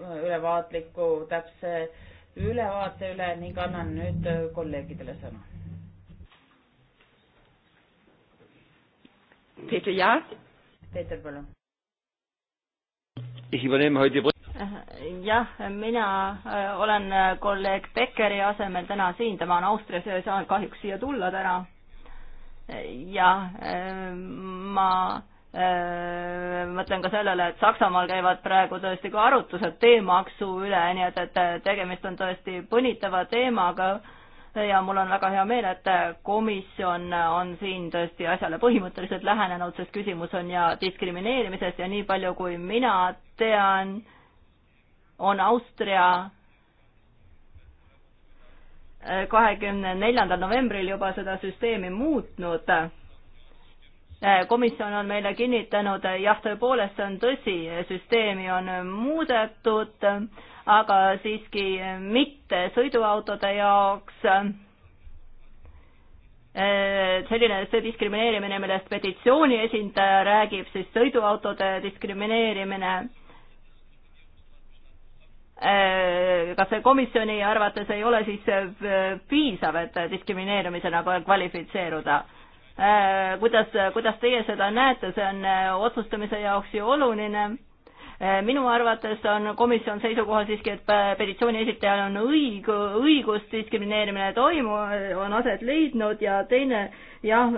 äh, ülevaatliku täpse ülevaate üle ning annan nüüd kolleegidele sõna. Peeter Jaar. Peeter, palun jah, mina äh, olen äh, kolleeg Beckeri asemel täna siin, tema on Austrias ja ei saanud kahjuks siia tulla täna. ja äh, ma mõtlen ka sellele, et Saksamaal käivad praegu tõesti ka arutlused teemaksu üle, nii et, et tegemist on tõesti põnitava teemaga ja mul on väga hea meel, et komisjon on siin tõesti asjale põhimõtteliselt lähenenud, sest küsimus on ja diskrimineerimisest ja nii palju, kui mina tean, on Austria äh, kahekümne neljandal novembril juba seda süsteemi muutnud. Äh, komisjon on meile kinnitanud, jah, tõepoolest see on tõsi, süsteemi on muudetud, aga siiski mitte sõiduautode jaoks. Äh, selline, see diskrimineerimine, millest petitsiooni esindaja räägib, siis sõiduautode diskrimineerimine Äh, kas see komisjoni arvates ei ole siis äh, piisav, et diskrimineerimisena kvalifitseeruda? Äh, kuidas, kuidas teie seda näete, see on otsustamise jaoks ju oluline. minu arvates on komisjon seisukohal siiski, et petitsiooni esitajal on õig-, õigus, diskrimineerimine toimu-, on aset leidnud ja teine, jah,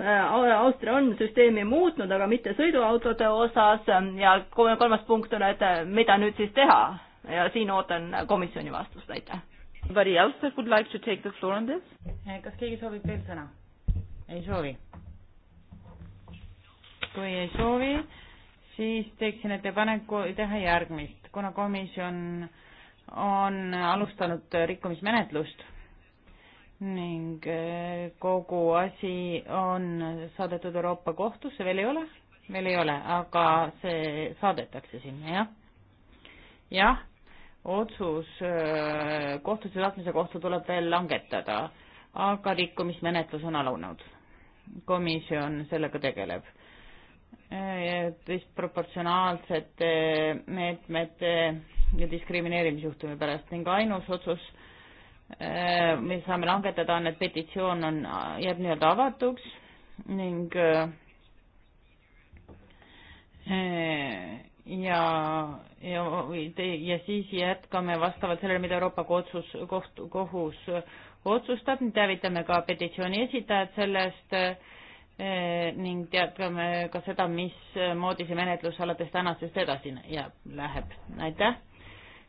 Austria on süsteemi muutnud, aga mitte sõiduautode osas ja kolmas punkt on, et mida nüüd siis teha ja siin ootan komisjoni vastust, aitäh. Anybody else that would like to take the floor on this? Eh, kas keegi soovib veel sõna? ei soovi? kui ei soovi, siis teeksin ettepaneku teha järgmist, kuna komisjon on alustanud rikkumismenetlust ning eh, kogu asi on saadetud Euroopa kohtusse, veel ei ole, veel ei ole, aga see saadetakse sinna, jah. jah otsus äh, kohtusse tahtmise kohta tuleb veel langetada, aga rikkumismenetlus on alunud. komisjon sellega tegeleb. Äh, disproportsionaalsete meetmete ja diskrimineerimisjuhtumi pärast ning ainus otsus, äh, me saame langetada, on, et petitsioon on, jääb nii-öelda avatuks ning ja, ja, ja siis jätkame vastavalt sellele, mida Euroopa otsus, koht, kohus otsustab, teavitame ka petitsiooni esitajad sellest eh, ning teatame ka seda, mismoodi see menetlus alates tänasest edasi jääb, läheb. aitäh.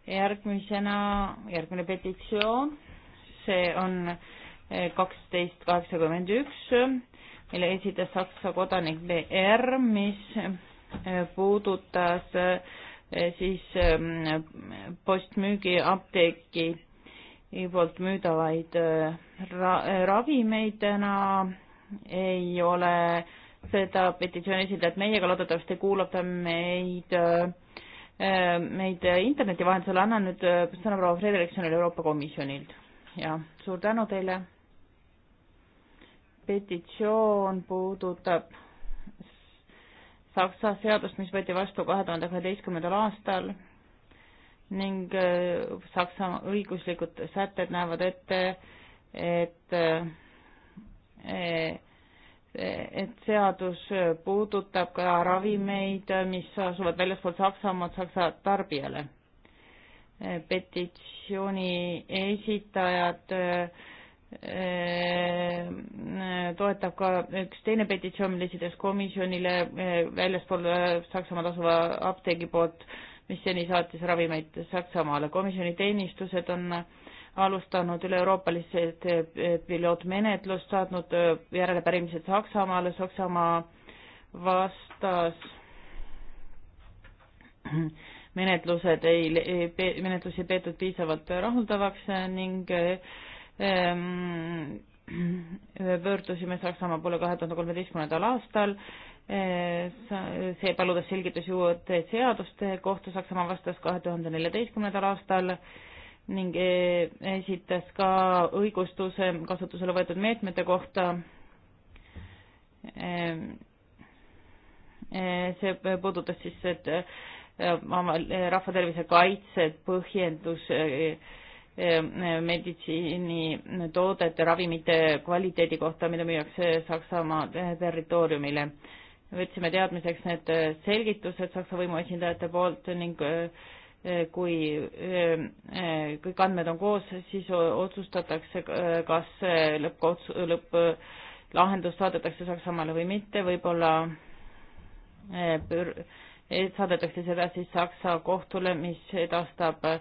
järgmisena, järgmine petitsioon, see on eh, kaksteist kaheksakümmend üks, mille esitas Saksa kodanik BR, mis puudutas eh, siis eh, postmüügi apteeki poolt müüdavaid eh, ra-, ravimeid täna ei ole seda petitsiooni esindajat meiega, loodetavasti kuulab ta meid, meid interneti vahendusel, annan nüüd sõna proua Fredriksonile Euroopa Komisjonilt ja suur tänu teile. petitsioon puudutab Saksa seadust, mis võeti vastu kahe tuhande kaheteistkümnendal aastal ning äh, Saksa õiguslikud sätted näevad ette, et äh, äh, et seadus puudutab ka ravimeid, mis asuvad väljaspool Saksamaad Saksa tarbijale. petitsiooni esitajad äh, Ehm, toetab ka üks teine petitsioon, mille esitas komisjonile eh, väljaspool eh, Saksamaal asuva apteegi poolt, mis seni saatis ravimeid Saksamaale. komisjoni teenistused on alustanud üle-euroopalised eh, pilootmenetlust, saatnud järelepärimised Saksamaale, Saksamaa vastas menetlused ei, menetlusi ei peetud piisavalt rahuldavaks ning äh, Ehm, pöördusime Saksamaa poole kahe tuhande kolmeteistkümnendal aastal, ehm, see paludes selgitusi uute seaduste kohta, Saksamaa vastas kahe tuhande neljateistkümnendal aastal ning eh, esitas ka õigustuse kasutusele võetud meetmete kohta. Ehm, eh, see puudutas siis, et eh, rahvatervise kaitset, põhjendus Eh, meditsiinitoodete, ravimite kvaliteedi kohta, mida müüakse Saksamaa territooriumile. võtsime teadmiseks need selgitused Saksa võimuesindajate poolt ning eh, kui eh, kõik andmed on koos, siis otsustatakse, kas lõppkots-, lõpplahendus saadetakse Saksamaale või mitte, võib-olla saadetakse seda siis Saksa kohtule, mis edastab äh,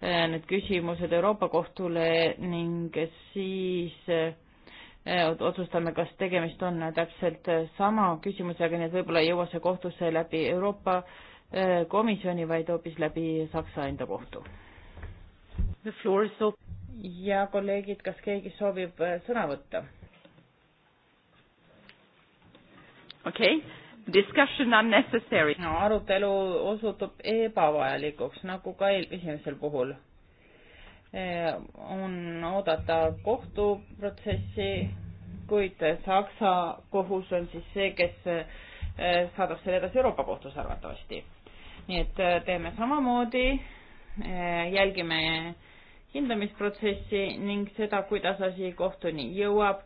Äh, need küsimused Euroopa Kohtule ning siis äh, otsustame, kas tegemist on täpselt sama küsimusega, nii et võib-olla ei jõua see kohtusse läbi Euroopa äh, Komisjoni, vaid hoopis läbi Saksa enda kohtu. ja kolleegid, kas keegi soovib sõna võtta? okei okay discussion unnecessary no,. arutelu osutub ebavajalikuks, nagu ka eel-, esimesel puhul eh,. on oodata kohtuprotsessi, kuid Saksa kohus on siis see, kes eh, saadab selle edasi Euroopa kohtus arvatavasti. nii et teeme samamoodi eh,, jälgime hindamisprotsessi ning seda, kuidas asi kohtuni jõuab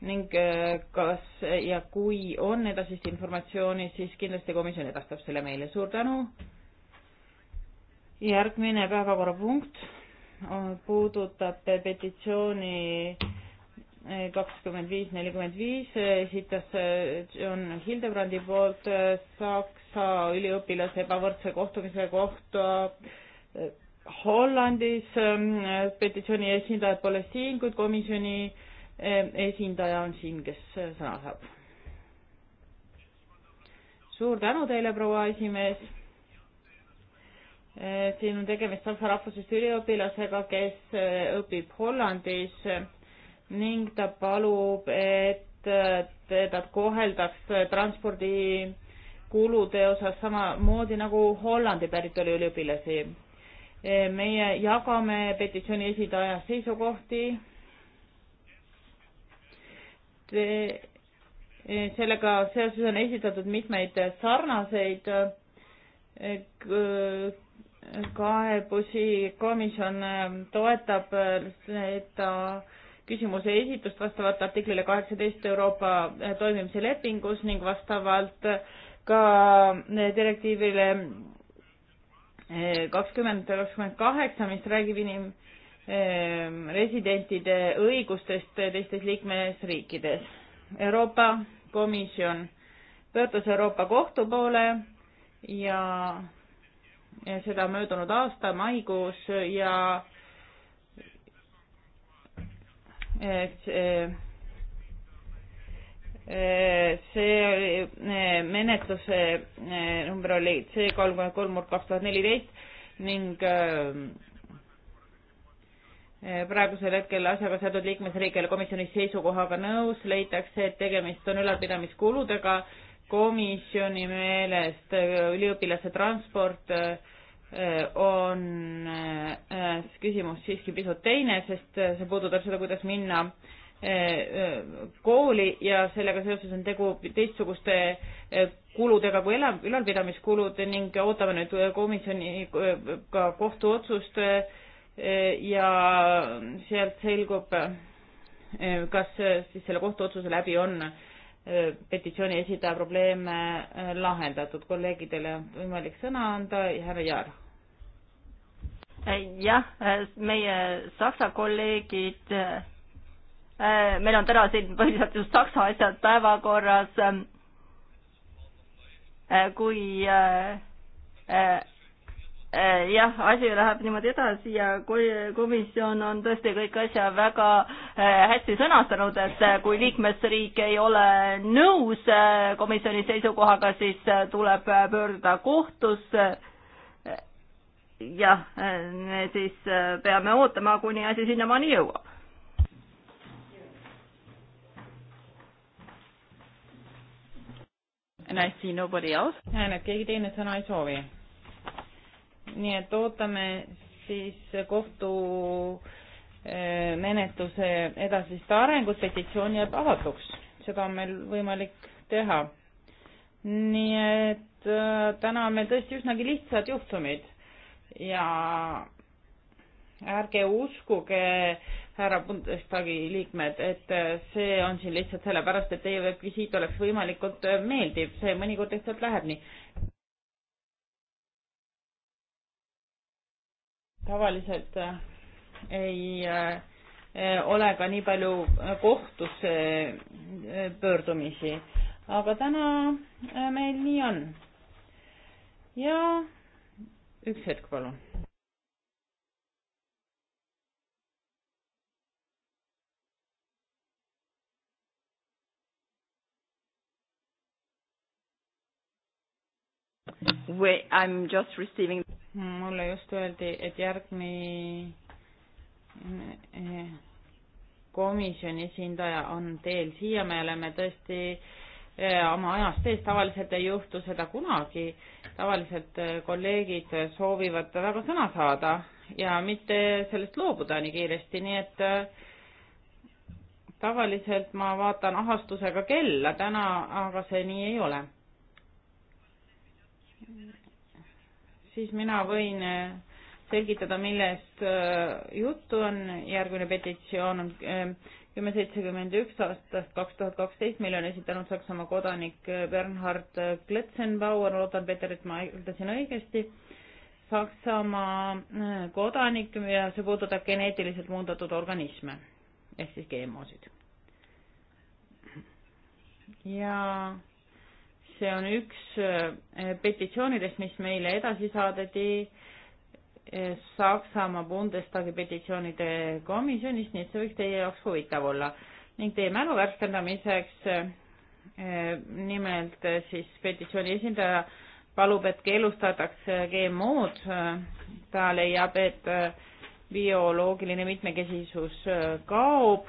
ning äh, kas ja kui on edasist informatsiooni, siis kindlasti komisjon edastab selle meile. suur tänu. järgmine päevakorrapunkt puudutab petitsiooni äh, kakskümmend viis, nelikümmend viis, esitas äh, John Hildebrandi poolt Saksa üliõpilase ebavõrdse kohtumise kohta Hollandis. Ähm, petitsiooni esindajad pole siin, kuid komisjoni äh, esindaja on siin, kes sõna saab. suur tänu teile, proua esimees. Eh, siin on tegemist saksa rahvusest üliõpilasega, kes eh, õpib Hollandis ning ta palub, et eh, teda koheldaks transpordikulude osas samamoodi nagu Hollandi päritolu üliõpilasi. meie jagame petitsiooni esindaja seisukohti Eh, sellega seoses on esitatud mitmeid sarnaseid eh, kaebusi, komisjon eh, toetab seda küsimuse esitust vastavalt artiklile kaheksateist Euroopa toimimise lepingus ning vastavalt ka direktiivile kakskümmend kakskümmend kaheksa, mis räägib inim-, Ehm, residentide õigustest teistes liikmesriikides. Euroopa Komisjon pöördus Euroopa Kohtu poole ja, ja seda möödunud aasta maikuus ja eh, see, see eh, menetluse eh, number oli C kolmkümmend kolm kaks tuhat neliteist ning ehm, Eh, praegusel hetkel asjaga seotud liikmesriigile komisjoni seisukohaga nõus, leitakse, et tegemist on ülalpidamiskuludega, komisjoni meelest eh, üliõpilase transport eh, on küsimus siiski pisut teine, sest see puudutab seda, kuidas minna kooli ja sellega seoses on tegu teistsuguste kuludega kui elam-, ülalpidamiskulud ning ootame nüüd komisjoni ka kohtuotsust ja sealt selgub, kas siis selle kohtuotsuse läbi on e, petitsiooni esitaja probleeme e, lahendatud. kolleegidele on võimalik sõna anda ja härra Jaar. E, jah, meie saksa kolleegid, meil on täna siin põhiliselt just saksa asjad päevakorras. kui Eh, jah, asi läheb niimoodi edasi ja kui komisjon on tõesti kõik asja väga eh, hästi sõnastanud, et eh, kui liikmesriik ei ole nõus komisjoni seisukohaga, siis tuleb pöörduda kohtusse. jah, siis peame ootama, kuni asi sinnamaani jõuab. And I see nobody else. näen, et keegi teine sõna ei soovi nii et ootame siis kohtumenetluse eh, edasist arengut, petitsioon jääb avatuks, seda on meil võimalik teha. nii et eh, täna on meil tõesti üsnagi lihtsad juhtumid ja ärge uskuge, härra Bundestagi liikmed, et eh, see on siin lihtsalt sellepärast, et teie visiit oleks võimalikult meeldiv, see mõnikord lihtsalt läheb nii. tavaliselt äh, ei äh, ole ka nii palju äh, kohtusse pöördumisi, aga täna meil nii on. ja üks hetk, palun. Wait, I'm just receiving mulle just öeldi, et järgmine eh, komisjoni esindaja on teel siia, me oleme tõesti eh, oma ajast ees, tavaliselt ei juhtu seda kunagi. tavaliselt eh, kolleegid soovivad väga sõna saada ja mitte sellest loobuda nii kiiresti, nii et tavaliselt ma vaatan ahastusega kella, täna aga see nii ei ole siis mina võin äh, selgitada, millest äh, juttu on. järgmine petitsioon on äh, kümme seitsekümmend üks aastast kaks tuhat kaksteist, mille on esitanud Saksamaa kodanik Bernhard Kletzenbauer, loodan, Peeter, et ma ütlesin õigesti. Saksamaa kodanik ja see puudutab geneetiliselt muundatud organisme ehk siis GMO-sid. ja see on üks eh, petitsioonidest, mis meile edasi saadeti eh, Saksamaa Bundestagi petitsioonide komisjonis, nii et see võiks teie jaoks huvitav olla. ning teie mälu värskendamiseks eh, nimelt siis petitsiooni esindaja palub, et keelustatakse GMO-d, ta leiab, et bioloogiline mitmekesisus kaob,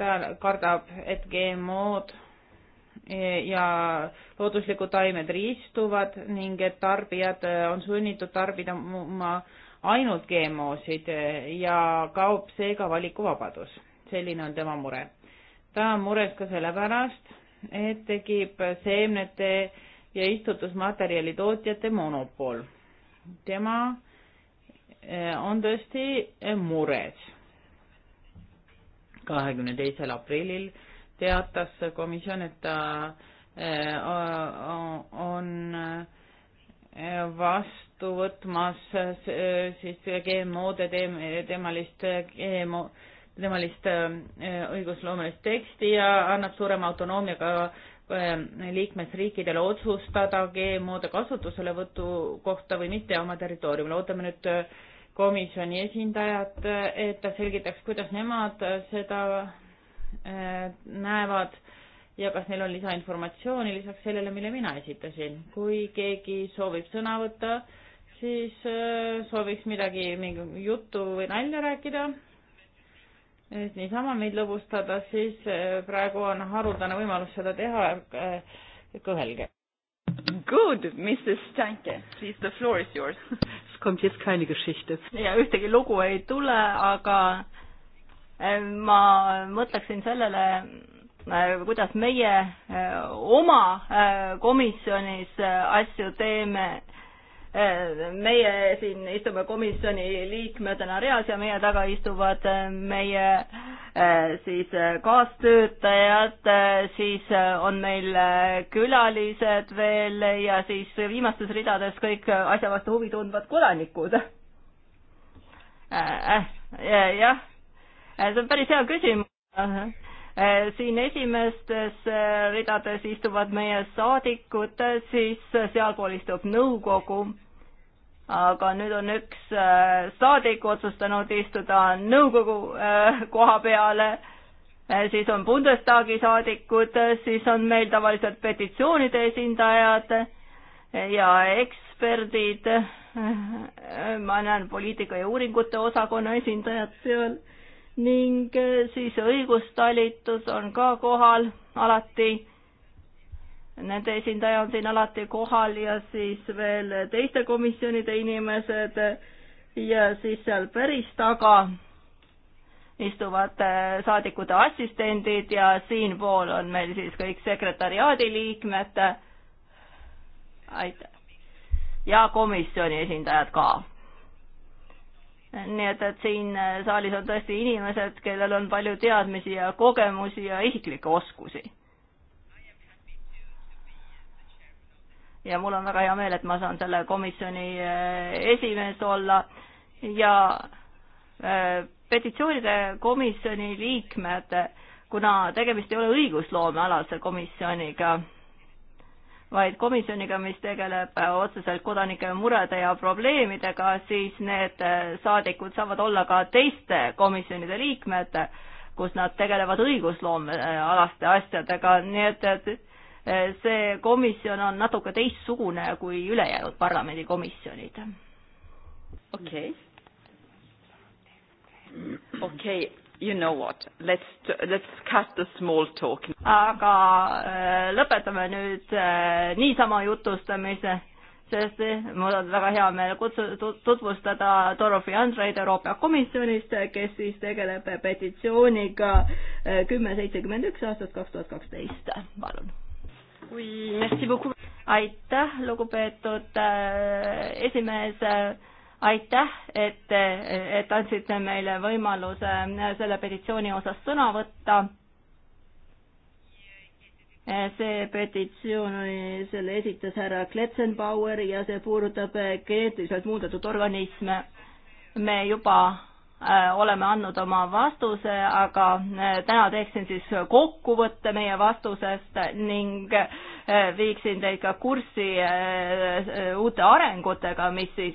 ta kardab, et GMO-d ja looduslikud taimed riistuvad ning et tarbijad äh, on sunnitud tarbida oma ainult GMO-sid äh, ja kaob seega valikuvabadus. selline on tema mure. ta on mures ka sellepärast, et tekib seemnete ja istutusmaterjali tootjate monopol. tema äh, on tõesti mures. kahekümne teisel aprillil teatas komisjon, et ta äh, on äh, vastu võtmas äh, siis GMO-de teemalist GMO, teemalist õigusloomelist teksti ja annab suurema autonoomia ka liikmesriikidele otsustada GMO-de kasutuselevõtu kohta või mitte oma territooriumil. ootame nüüd komisjoni esindajat, et ta selgitaks, kuidas nemad seda Äh, näevad ja kas neil on lisainformatsiooni lisaks sellele, mille mina esitasin. kui keegi soovib sõna võtta, siis äh, sooviks midagi, mingi juttu või nalja rääkida, niisama meid lõbustada, siis äh, praegu on haruldane võimalus seda teha, kõhelge. Good, Mrs Stanke, please the floor is yours kommt jetzt keine Geschichte. ja ühtegi lugu ei tule, aga ma mõtleksin sellele, äh, kuidas meie äh, oma äh, komisjonis asju teeme meie siin istume komisjoni liikmetena reas ja meie taga istuvad meie siis kaastöötajad, siis on meil külalised veel ja siis viimastes ridades kõik asja vastu huvi tundvad kodanikud äh,. jah äh, ja Eh, see on päris hea küsimus eh, siin esimestes eh, ridades istuvad meie saadikud, siis sealpool istub nõukogu. aga nüüd on üks saadik otsustanud istuda nõukogu koha peale, siis on Bundestagi saadikud, siis on meil tavaliselt petitsioonide esindajad ja eksperdid. ma näen poliitika ja uuringute osakonna esindajat seal ning eh, siis õigustalitus on ka kohal alati. Nende esindaja on siin alati kohal ja siis veel teiste komisjonide inimesed ja siis seal päris taga istuvad eh, saadikute assistendid ja siinpool on meil siis kõik sekretariaadi liikmed. aitäh. ja komisjoni esindajad ka nii et, et siin äh, saalis on tõesti inimesed, kellel on palju teadmisi ja kogemusi ja isiklikke oskusi. ja mul on väga hea meel, et ma saan selle komisjoni äh, esimees olla ja äh, petitsioonide komisjoni liikmed, kuna tegemist ei ole õigusloomealase komisjoniga vaid komisjoniga, mis tegeleb äh, otseselt kodanike murede ja probleemidega, siis need äh, saadikud saavad olla ka teiste komisjonide liikmed, kus nad tegelevad õigusloomealaste äh, asjadega, nii et, et see komisjon on natuke teistsugune kui ülejäänud parlamendikomisjonid. okei okay., okei okay You know what, let's, let's cut the small talk. aga äh, lõpetame nüüd äh, niisama jutustamise, sest eh, mul on väga hea meel kutsu-, tutvustada Dorothy Andreid Euroopa Komisjonist, kes siis tegeleb petitsiooniga äh, kümme seitsekümmend üks aastast kaks tuhat kaksteist, palun. aitäh, lugupeetud esimees aitäh, et, et andsite meile võimaluse äh, selle petitsiooni osas sõna võtta. Äh, see petitsioon oli, äh, selle esitas härra Kletzenbauer ja see puudutab geneetiliselt muundatud organisme. me juba oleme andnud oma vastuse, aga täna teeksin siis kokkuvõtte meie vastusest ning viiksin teid ka kurssi uute arengutega, mis siis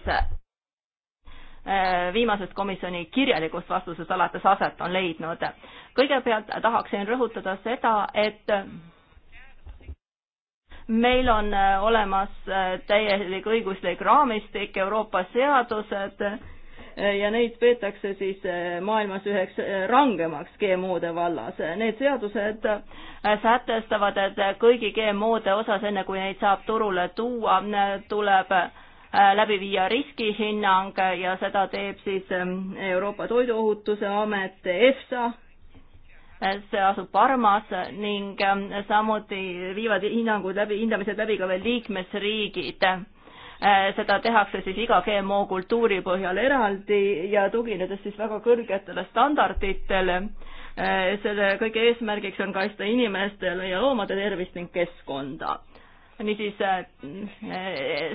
Äh, viimasest komisjoni kirjalikust vastusest alates aset on leidnud. kõigepealt tahaksin rõhutada seda, et meil on äh, olemas äh, täielik õiguslik raamistik, Euroopa seadused ja neid peetakse siis maailmas üheks rangemaks GMO-de vallas. Need seadused sätestavad, et kõigi GMO-de osas, enne kui neid saab turule tuua, tuleb Äh, läbi viia riskihinnang ja seda teeb siis ähm, Euroopa Toiduohutuse Amet EFSA. Äh, see asub Parmas ning ähm, samuti viivad hinnangud läbi, hindamised läbi ka veel liikmesriigid äh, seda tehakse siis iga GMO kultuuri põhjal eraldi ja tuginedes siis väga kõrgetele standarditele. selle kõige eesmärgiks on kaitsta inimestele ja loomade tervist ning keskkonda niisiis äh,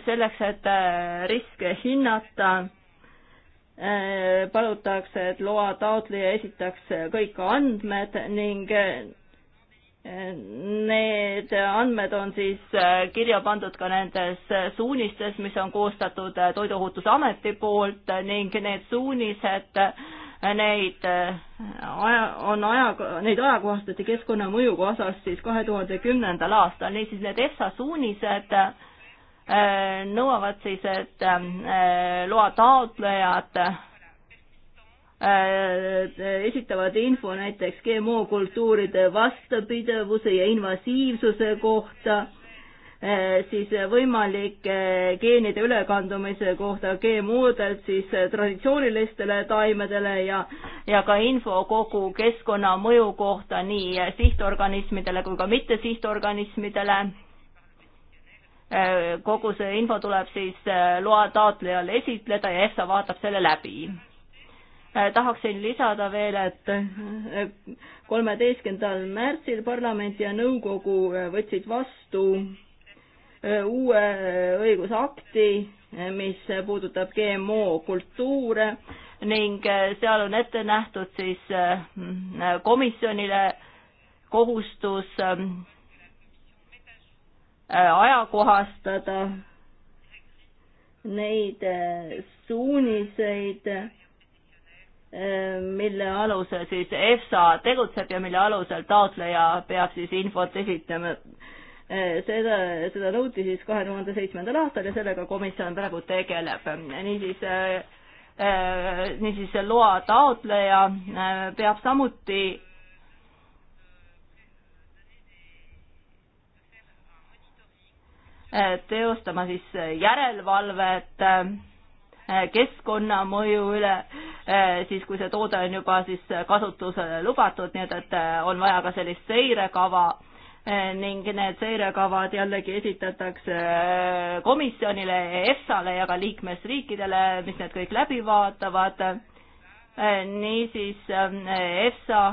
selleks, et äh, riske hinnata, äh, palutakse, et loa taotleja esitaks kõik andmed ning need andmed on siis kirja pandud ka nendes suunistes, mis on koostatud Toiduohutusameti poolt ning need suunised neid äh, aja, on aja, neid ajakohastati keskkonnamõju osas siis kahe tuhande kümnendal aastal, niisiis need EFSA suunised äh, nõuavad siis, et äh, loa taotlejad esitavad info näiteks GMO kultuuride vastupidavuse ja invasiivsuse kohta Eh, siis võimalike eh, geenide ülekandumise kohta GMO-delt siis eh, traditsioonilistele taimedele ja, ja ka info kogu keskkonnamõju kohta nii sihtorganismidele kui ka mittesihtorganismidele. kogu see info tuleb siis loa taotlejale esitleda ja EFSA vaatab selle läbi tahaksin lisada veel, et kolmeteistkümnendal märtsil parlament ja nõukogu võtsid vastu uue õigusakti, mis puudutab GMO kultuure ning seal on ette nähtud siis mm, komisjonile kohustus mm, ajakohastada neid äh, suuniseid, äh, mille alusel siis EFSA tegutseb ja mille alusel taotleja peab siis infot esitama seda, seda nõuti siis kahe tuhande seitsmendal aastal ja sellega komisjon praegu tegeleb. niisiis, äh, niisiis loa taotleja äh, peab samuti äh, teostama siis järelevalvet keskkonnamõju üle, siis kui see toode on juba siis kasutusele lubatud, nii et, et on vaja ka sellist seirekava Eh, ning need seirekavad jällegi esitatakse eh, komisjonile, EFSA-le ja ka liikmesriikidele, mis need kõik läbi vaatavad. Eh, niisiis EFSA,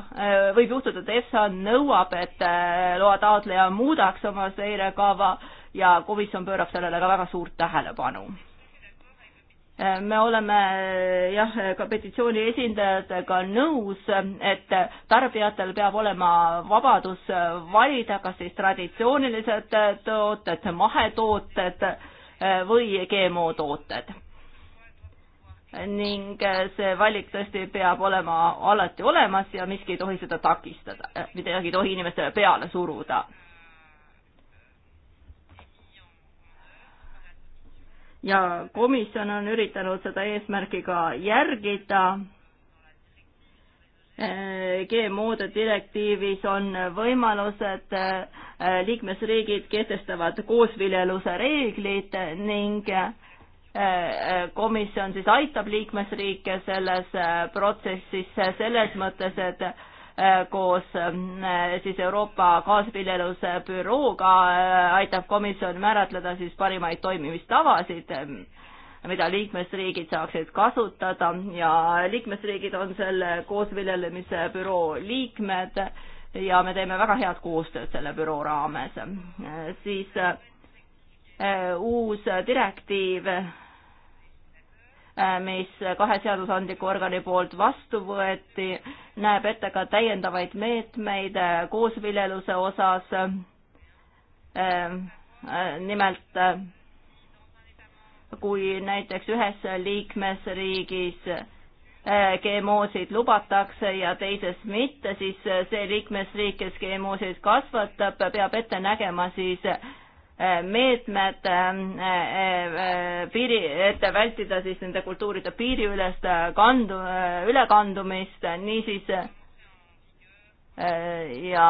võib juhtuda, et EFSA nõuab, et loa taotleja muudaks oma seirekava ja komisjon pöörab sellele ka väga suurt tähelepanu me oleme jah, ka petitsiooni esindajatega nõus, et tarbijatel peab olema vabadus valida, kas siis traditsioonilised tooted, mahetooted või GMO tooted. ning see valik tõesti peab olema alati olemas ja miski ei tohi seda takistada, eh, midagi ei tohi inimestele peale suruda ja komisjon on üritanud seda eesmärki ka järgida. GMO-de direktiivis on võimalused, äh, liikmesriigid kehtestavad koosviljeluse reeglid ning äh, komisjon siis aitab liikmesriike selles äh, protsessis selles mõttes, et Äh, koos ähm, siis Euroopa kaasviljeluse bürooga äh, aitab komisjon määratleda siis parimaid toimimistavasid, ähm, mida liikmesriigid saaksid kasutada ja liikmesriigid on selle koosviljelemise büroo liikmed ja me teeme väga head koostööd selle büroo raames. Äh, siis uus direktiiv Äh, mis kahe seadusandliku organi poolt vastu võeti, näeb ette ka täiendavaid meetmeid äh, koosviljeluse osas. Äh, nimelt kui näiteks ühes liikmesriigis GMO-sid lubatakse ja teises mitte, siis see liikmesriik, kes GMO-sid kasvatab, peab ette nägema siis meetmed piiri, et vältida siis nende kultuuride piiriülest kandu, ülekandumist, niisiis ja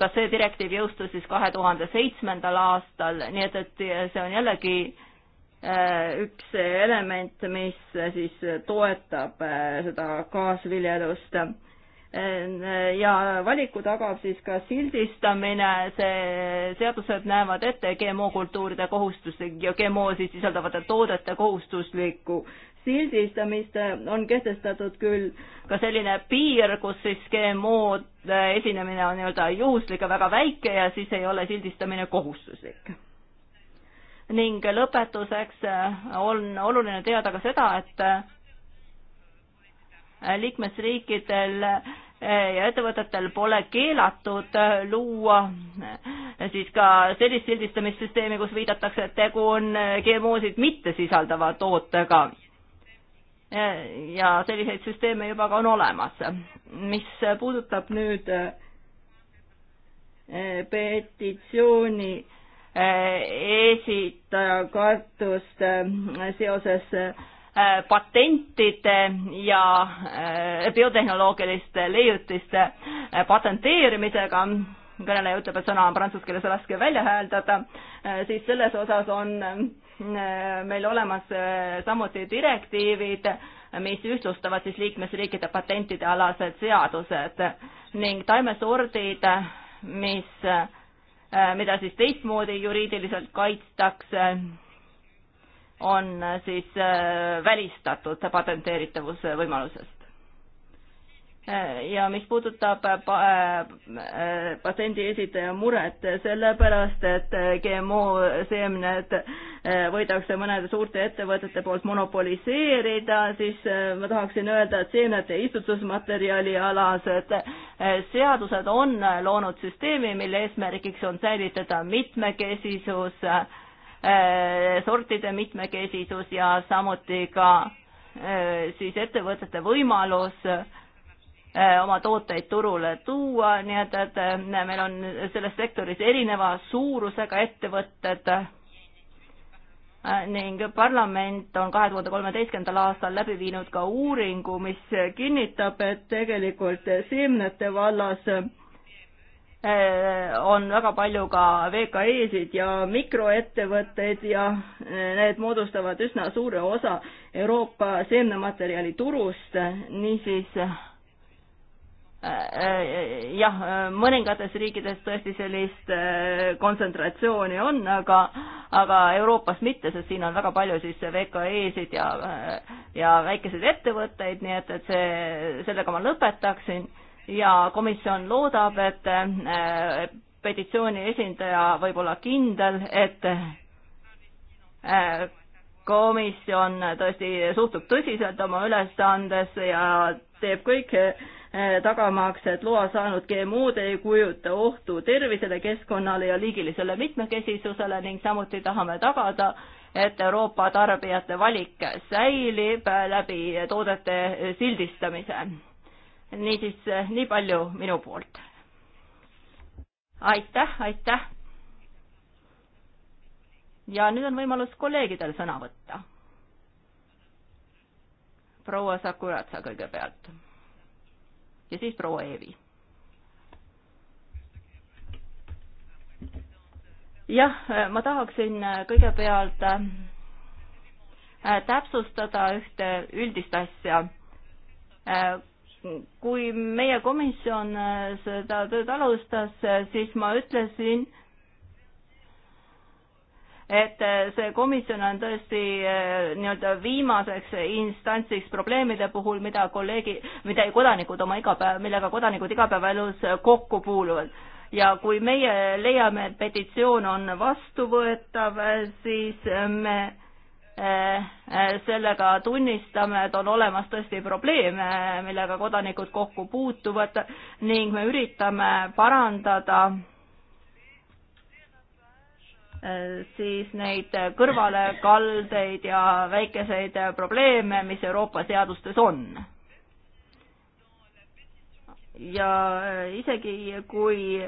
ka see direktiiv jõustus siis kahe tuhande seitsmendal aastal, nii et, et see on jällegi üks element, mis siis toetab äh, seda kaasviljelust Ehm, ja valiku tagab siis ka sildistamine, see seadused näevad ette GMO-kultuuride kohustuslik ja GMO-sid sisaldavate toodete kohustuslikku sildistamist on kehtestatud küll ka selline piir, kus siis GMO esinemine on nii-öelda juhuslik ja väga väike ja siis ei ole sildistamine kohustuslik. ning lõpetuseks on oluline teada ka seda, et liikmesriikidel eh, ja ettevõtetel pole keelatud eh, luua eh, siis ka sellist sildistamissüsteemi, kus viidatakse, et tegu on GMO-sid mitte sisaldava tootega ja selliseid süsteeme juba ka on olemas. mis puudutab nüüd petitsiooni esitaja kartust seoses Äh, patentide ja äh, biotehnoloogiliste leiutiste äh, patenteerimisega, kõneleja ütleb, et sõna on prantsuse keeles raske välja hääldada, siis selles osas on meil olemas samuti direktiivid, mis ühtlustavad siis liikmesriikide patentide alased seadused ning taimesordid, mis, mida siis teistmoodi juriidiliselt kaitstakse on äh, siis äh, välistatud patenteeritavuse võimalusest. Äh, ja mis puudutab patendi esitaja muret, sellepärast et GMO seemned võidakse mõnede suurte ettevõtete poolt monopoliseerida, siis ma tahaksin öelda, et seemnete istutusmaterjali alased seadused on loonud süsteemi, mille eesmärgiks on säilitada mitmekesisus Äh, sortide mitmekesisus ja samuti ka äh, siis ettevõtete võimalus äh, oma tooteid turule tuua, nii et, et meil on selles sektoris erineva suurusega ettevõtted ning parlament on kahe tuhande kolmeteistkümnendal aastal läbi viinud ka uuringu, mis kinnitab, et tegelikult seemnete vallas Eh, on väga palju ka VKE-sid ja mikroettevõtteid ja eh, need moodustavad üsna suure osa Euroopa seemnematerjali turust, niisiis eh, jah, mõningates riikides tõesti sellist kontsentratsiooni on, aga aga Euroopas mitte, sest siin on väga palju siis VKE-sid ja ja väikeseid ettevõtteid, nii et, et see, sellega ma lõpetaksin ja komisjon loodab, et äh, petitsiooni esindaja võib olla kindel, et äh, komisjon tõesti suhtub tõsiselt oma ülesandesse ja teeb kõik äh, tagamaks, et loa saanud GMO-d ei kujuta ohtu tervisele, keskkonnale ja liigilisele mitmekesisusele ning samuti tahame tagada, et Euroopa tarbijate valik säilib läbi toodete sildistamise niisiis, eh, nii palju minu poolt. aitäh, aitäh. ja nüüd on võimalus kolleegidel sõna võtta. proua Sakuratsa kõigepealt ja siis proua Eevi. jah, eh, ma tahaksin eh, kõigepealt täpsustada ühte üldist asja kui meie komisjon äh, seda tööd alustas, äh, siis ma ütlesin, et äh, see komisjon on tõesti nii-öelda viimaseks instantsiks probleemide puhul, mida kolleegi, mida kodanikud oma igapäev, millega kodanikud igapäevaelus kokku puuluvad. ja kui meie leiame, et petitsioon on vastuvõetav, siis me Eh, eh, sellega tunnistame, et on olemas tõesti probleeme, eh, millega kodanikud kokku puutuvad ning me üritame parandada siis neid kõrvalekaldeid ja väikeseid probleeme, mis Euroopa seadustes on ja isegi kui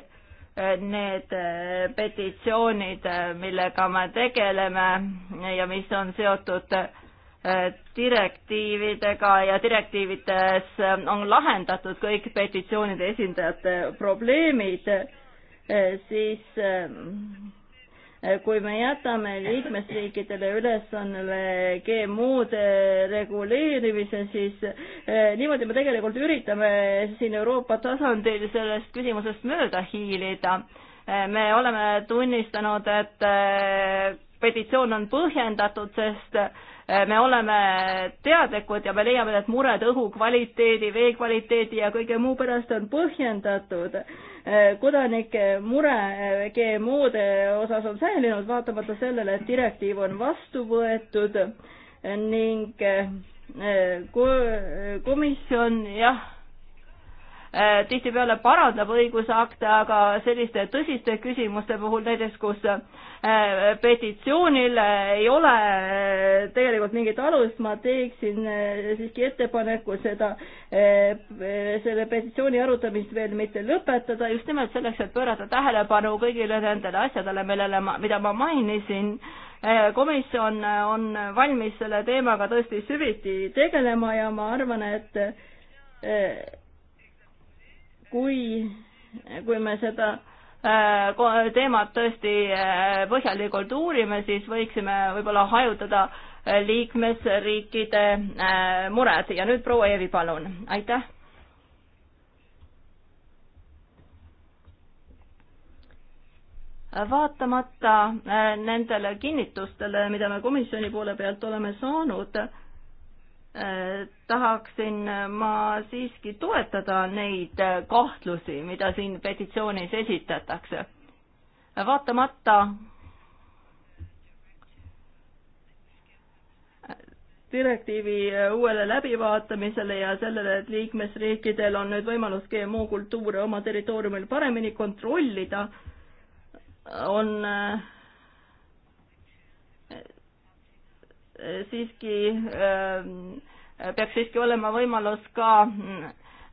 need eh, petitsioonid, eh, millega me tegeleme ja mis on seotud eh, direktiividega ja direktiivides on lahendatud kõik petitsioonide esindajate probleemid, siis kui me jätame liikmesriikidele ülesannele GMO-de reguleerimise, siis eh, niimoodi me tegelikult üritame siin Euroopa tasandil sellest küsimusest mööda hiilida. Eh, me oleme tunnistanud, et eh, petitsioon on põhjendatud, sest me oleme teadlikud ja me leiame need mured õhukvaliteedi, vee kvaliteedi ja kõige muu pärast on põhjendatud. kodanike mure GMO-de osas on säilinud, vaatamata sellele, et direktiiv on vastu võetud ning komisjon jah, Äh, tihtipeale parandab õigusakte, aga selliste tõsiste küsimuste puhul näiteks, kus äh, petitsioonil ei ole äh, tegelikult mingit alust, ma teeksin siiski ettepaneku seda, selle petitsiooni arutamist veel mitte lõpetada, just nimelt selleks, et pöörata tähelepanu kõigile nendele asjadele, millele ma, mida ma mainisin komisjon on valmis selle teemaga tõesti süviti tegelema ja ma arvan, et kui, kui me seda äh, teemat tõesti äh, põhjalikult uurime, siis võiksime võib-olla hajutada äh, liikmesriikide mured ja nüüd proua Eevi, palun, aitäh. vaatamata nendele kinnitustele, mida me komisjoni poole pealt oleme saanud, Äh, tahaksin äh, ma siiski toetada neid äh, kahtlusi, mida siin petitsioonis esitatakse. vaatamata direktiivi uuele läbivaatamisele ja sellele, et liikmesriikidel on nüüd võimalus GMO kultuure oma territooriumil paremini kontrollida, on siiski äh, peaks siiski olema võimalus ka mm,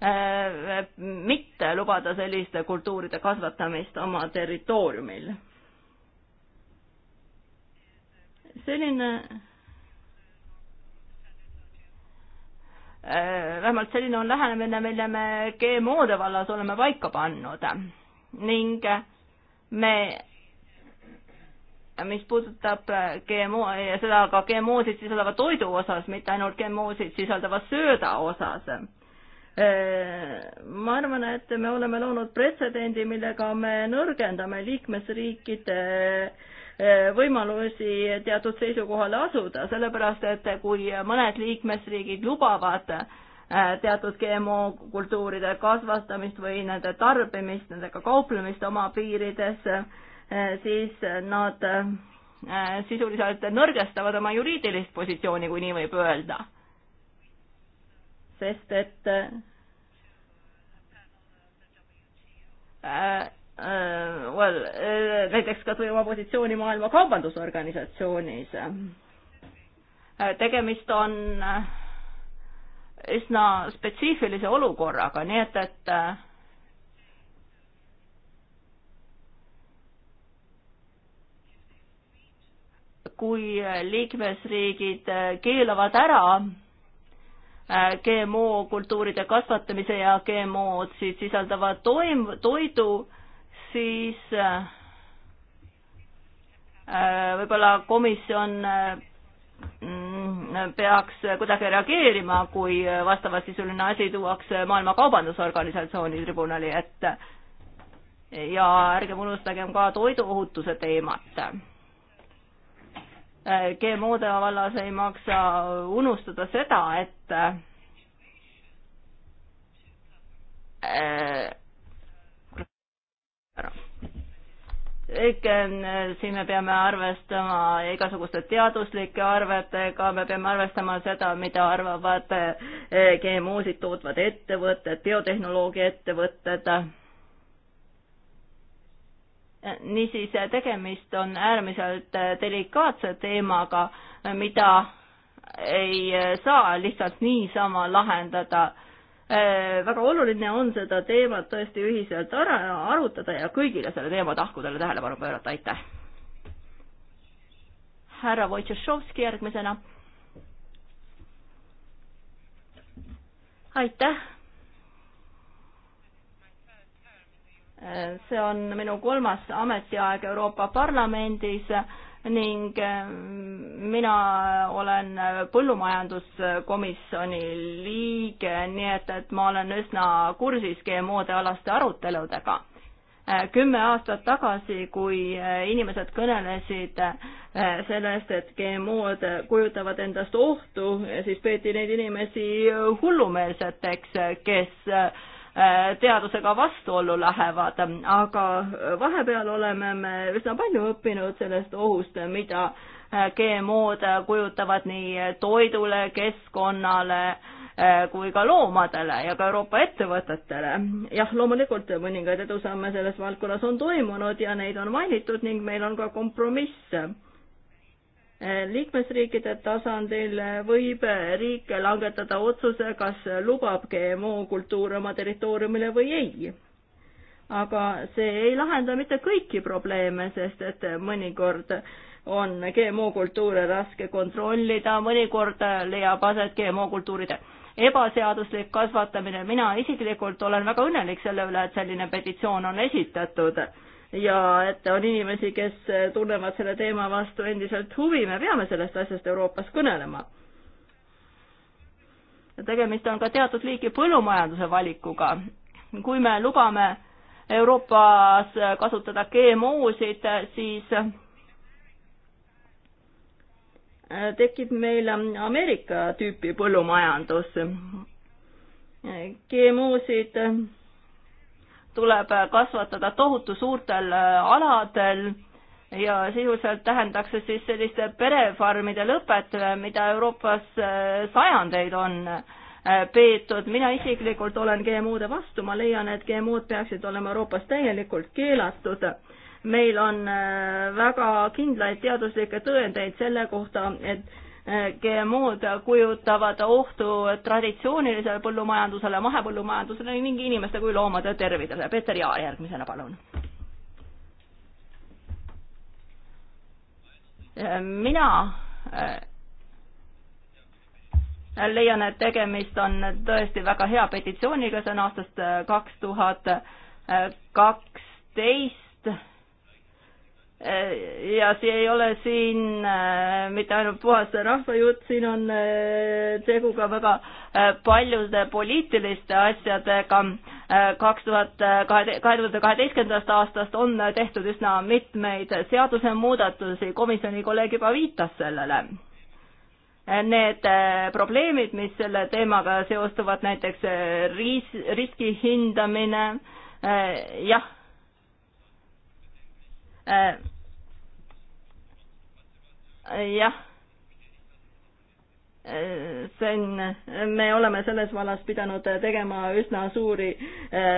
äh, mitte lubada selliste kultuuride kasvatamist oma territooriumil. selline äh, vähemalt selline on lähenemine, mille me GMO-de vallas oleme paika pannud ning me mis puudutab äh, GMO ja seda ka GMO-sid sisaldava toidu osas, mitte ainult GMO-sid sisaldava sööda osas. Äh, ma arvan, et me oleme loonud pretsedendi, millega me nõrgendame liikmesriikide äh, võimalusi teatud seisukohale asuda, sellepärast et kui mõned liikmesriigid lubavad teatud GMO kultuuride kasvatamist või nende tarbimist, nendega kauplemist oma piirides, Eh, siis eh, nad eh, sisuliselt nõrgestavad oma juriidilist positsiooni, kui nii võib öelda. sest et äh, äh, well, äh, näiteks kas või oma positsiooni Maailma Kaubandusorganisatsioonis äh,. tegemist on äh, üsna spetsiifilise olukorraga, nii et, et äh, kui liikmesriigid keelavad ära äh, GMO kultuuride kasvatamise ja GMO-d siis sisaldavad toim, toidu, siis äh, võib-olla komisjon äh, peaks kuidagi reageerima, kui vastavasisuline asi tuuakse Maailma Kaubandusorganisatsiooni tribunali ette. ja ärgem unustagem ka toiduohutuse teemat GMO-de vallas ei maksa unustada seda, et äh, ikka äh, siin me peame arvestama igasuguste teaduslike arvetega, me peame arvestama seda, mida arvavad äh, GMO-sid tootvad ettevõtted, biotehnoloogia ettevõtted niisiis, tegemist on äärmiselt delikaatse teemaga, mida ei saa lihtsalt niisama lahendada. väga oluline on seda teemat tõesti ühiselt ära arutada ja kõigile selle teema tahkudele tähelepanu pöörata, aitäh! härra Wojtšešovski järgmisena. aitäh! see on minu kolmas ametiaeg Euroopa Parlamendis ning mm, mina olen põllumajanduskomisjoni liige, nii et, et ma olen üsna kursis GMO-de alaste aruteludega. kümme aastat tagasi, kui inimesed kõnelesid sellest, et GMO-d kujutavad endast ohtu, siis peeti neid inimesi hullumeelseteks, kes Äh, teadusega vastuollu lähevad, aga äh, vahepeal oleme me üsna palju õppinud sellest ohust, mida äh, GMO-d kujutavad nii toidule, keskkonnale kui ka loomadele ja ka Euroopa ettevõtetele. jah, loomulikult mõningaid edusamme selles valdkonnas on toimunud ja neid on mainitud ning meil on ka kompromiss Eh, liikmesriikide tasandil eh, võib eh, riik langetada otsuse, kas lubab GMO-kultuure oma territooriumile või ei. aga see ei lahenda mitte kõiki probleeme, sest et mõnikord on GMO-kultuure raske kontrollida, mõnikord leiab aset GMO-kultuuride ebaseaduslik kasvatamine, mina isiklikult olen väga õnnelik selle üle, et selline petitsioon on esitatud ja et on inimesi, kes tunnevad selle teema vastu endiselt huvi, me peame sellest asjast Euroopas kõnelema. tegemist on ka teatud liiki põllumajanduse valikuga. kui me lubame Euroopas kasutada GMO-sid, siis tekib meil Ameerika tüüpi põllumajandus. GMO-sid tuleb kasvatada tohutu suurtel äh, aladel ja sisuliselt tähendaks see siis selliste perefarmide lõpet, äh, mida Euroopas äh, sajandeid on peetud. mina isiklikult olen GMO-de vastu, ma leian, et GMO-d peaksid olema Euroopas täielikult keelatud. meil on väga kindlaid teaduslikke tõendeid selle kohta, et GMO-d kujutavad ohtu traditsioonilisele põllumajandusele, mahepõllumajandusele ning inimeste kui loomade tervisele. Peeter Jaar järgmisena, palun. mina äh, leian, et tegemist on tõesti väga hea petitsiooniga, see on aastast äh, kaks tuhat äh, kaksteist Äh, ja see ei ole siin äh, mitte ainult puhas rahvajutt, siin on äh, tegu ka väga paljude poliitiliste asjadega. kaks tuhat kahe, kahe tuhande kaheteistkümnendast aastast on tehtud üsna mitmeid seadusemuudatusi, komisjoni kolleeg juba viitas sellele. Need probleemid, mis selle teemaga seostuvad, näiteks riis, riski hindamine, jah Äh, äh, jah, äh, see on, me oleme selles vallas pidanud tegema üsna suuri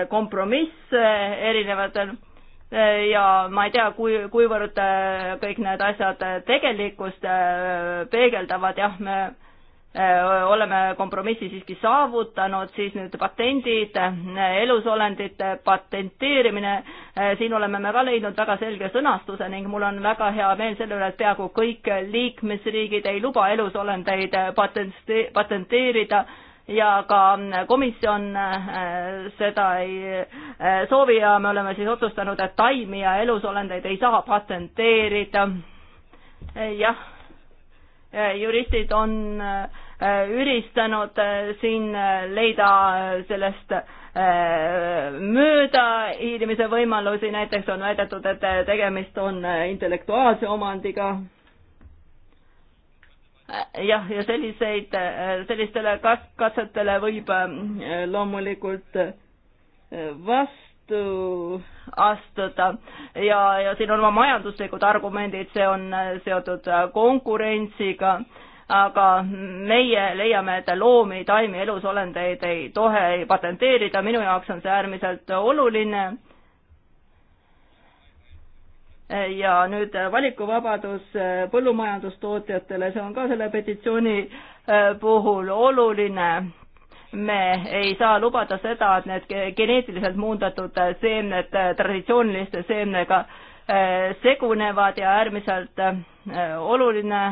kompromisse erinevatel ja ma ei tea, kui, kuivõrd kõik need asjad tegelikkust peegeldavad, jah, me oleme kompromissi siiski saavutanud, siis nüüd patendid, elusolendite patenteerimine, siin oleme me ka leidnud väga selge sõnastuse ning mul on väga hea meel selle üle, et peaaegu kõik liikmesriigid ei luba elusolendeid patente-, patenteerida ja ka komisjon seda ei soovi ja me oleme siis otsustanud, et taimi ja elusolendeid ei saa patenteerida. jah, juristid on äh, Äh, üritanud äh, siin äh, leida sellest möödahiilimise võimalusi, näiteks on väidetud, et tegemist on intellektuaalse omandiga. jah, ja selliseid, sellistele katsetele võib loomulikult vastu astuda ja, ja siin on oma majanduslikud argumendid, see on seotud konkurentsiga aga meie leiame, et loomi, taimi, elusolendeid ei tohe ei patenteerida, minu jaoks on see äärmiselt oluline. ja nüüd valikuvabadus põllumajandustootjatele, see on ka selle petitsiooni äh, puhul oluline me ei saa lubada seda, et need geneetiliselt muundatud seemned traditsiooniliste seemnega äh, segunevad ja äärmiselt äh, oluline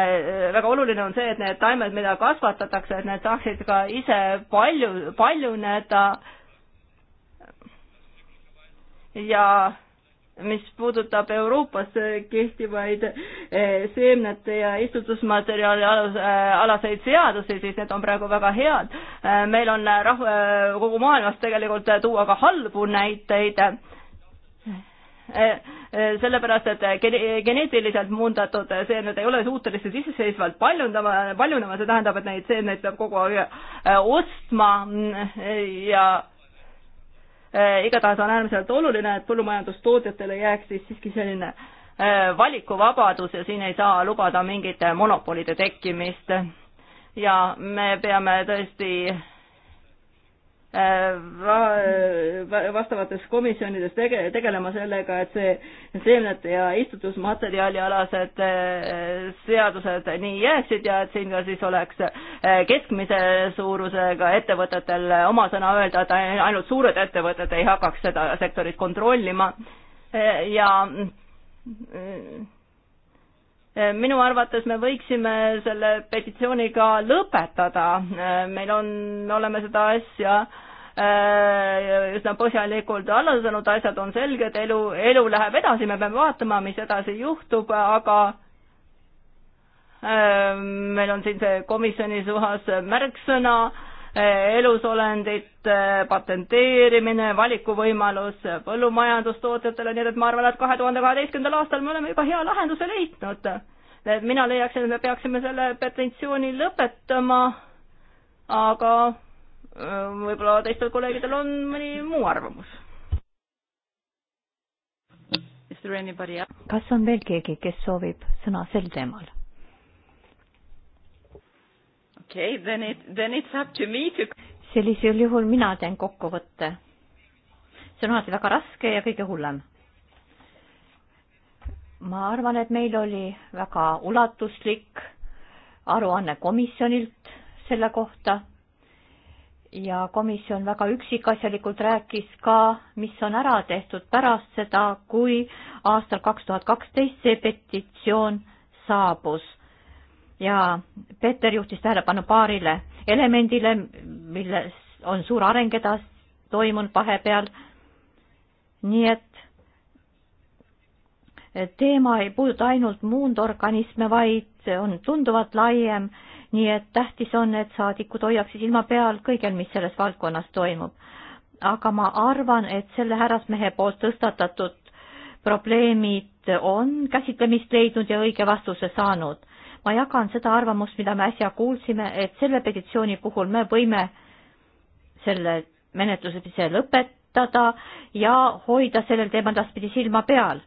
Äh, väga oluline on see, et need taimed, mida kasvatatakse, et need saaksid ka ise palju, paljuneda. ja mis puudutab Euroopas kehtivaid äh, seemnete ja istutusmaterjali alus, äh, alaseid seadusi, siis need on praegu väga head. meil on rahu, kogu maailmas tegelikult tuua ka halbu näiteid Äh, sellepärast et äh, gene-, äh, geneetiliselt muundatud seemned ei ole suutelised iseseisvalt paljundama, paljunema, see tähendab, et neid seemneid peab kogu aeg ostma ja igatahes on äärmiselt oluline, et põllumajandustootjatele jääks siis siiski selline valikuvabadus ja siin ei saa lubada mingite monopolide tekkimist. ja me peame tõesti Äh, äh, vastavates komisjonides tege, tegelema sellega, et see seemnete ja istutusmaterjali alased äh, seadused nii jääksid ja et siin ka siis oleks keskmise suurusega ettevõtetel oma sõna öelda, et ainult suured ettevõtted ei hakkaks seda sektorit kontrollima ja minu arvates me võiksime selle petitsiooniga lõpetada, meil on, me oleme seda asja äh, üsna põhjalikult alustanud, asjad on selged, elu, elu läheb edasi, me peame vaatama, mis edasi juhtub, aga äh, meil on siin see komisjoni suhas märksõna Eh, elusolendite eh, patenteerimine, valikuvõimalus eh, põllumajandustootjatele, nii et ma arvan, et kahe tuhande kaheteistkümnendal aastal me oleme juba hea lahenduse leidnud. mina leiaksin, et me peaksime selle petentsiooni lõpetama, aga võib-olla teistel kolleegidel on mõni muu arvamus. kas on veel keegi, kes soovib sõna sel teemal? okei okay,, then it, then it's up to me to sellisel juhul mina teen kokkuvõtte. see on alati väga raske ja kõige hullem. ma arvan, et meil oli väga ulatuslik aruanne komisjonilt selle kohta ja komisjon väga üksikasjalikult rääkis ka, mis on ära tehtud pärast seda, kui aastal kaks tuhat kaksteist see petitsioon saabus ja Peeter juhtis tähelepanu paarile elemendile, milles on suur areng edasi toimunud vahepeal. nii et teema ei puuduta ainult muundorganisme, vaid on tunduvalt laiem, nii et tähtis on, et saadikud hoiaksid silma peal kõigel, mis selles valdkonnas toimub. aga ma arvan, et selle härrasmehe poolt tõstatatud probleemid on käsitlemist leidnud ja õige vastuse saanud ma jagan seda arvamust, mida me äsja kuulsime, et selle petitsiooni puhul me võime selle menetluse ise lõpetada ja hoida sellel teemal edaspidi silma peal.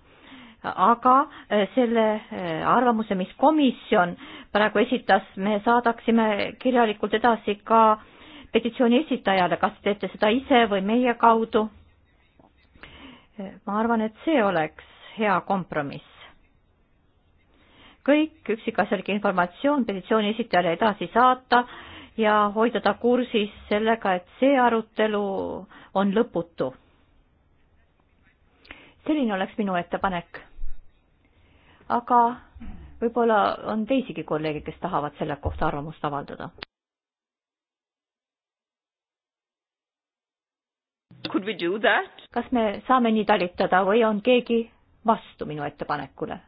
aga eh, selle eh, arvamuse, mis komisjon praegu esitas, me saadaksime kirjalikult edasi ka petitsiooni esitajale, kas teete seda ise või meie kaudu. Eh, ma arvan, et see oleks hea kompromiss kõik üksikasjalik informatsioon petitsiooni esitajale edasi saata ja hoida ta kursis sellega, et see arutelu on lõputu. selline oleks minu ettepanek. aga võib-olla on teisigi kolleege, kes tahavad selle kohta arvamust avaldada. kas me saame nii talitada või on keegi vastu minu ettepanekule?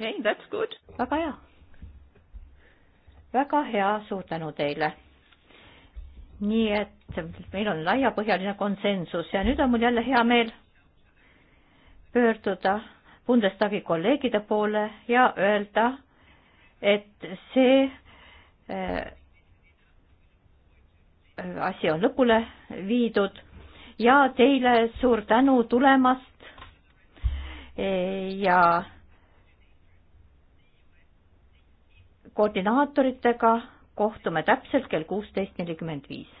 okei okay,, that's good. väga hea. väga hea, suur tänu teile. nii et meil on laiapõhjaline konsensus ja nüüd on mul jälle hea meel pöörduda Bundestagi kolleegide poole ja öelda, et see äh, asi on lõpule viidud ja teile suur tänu tulemast ja koordinaatoritega kohtume täpselt kell kuusteist nelikümmend viis.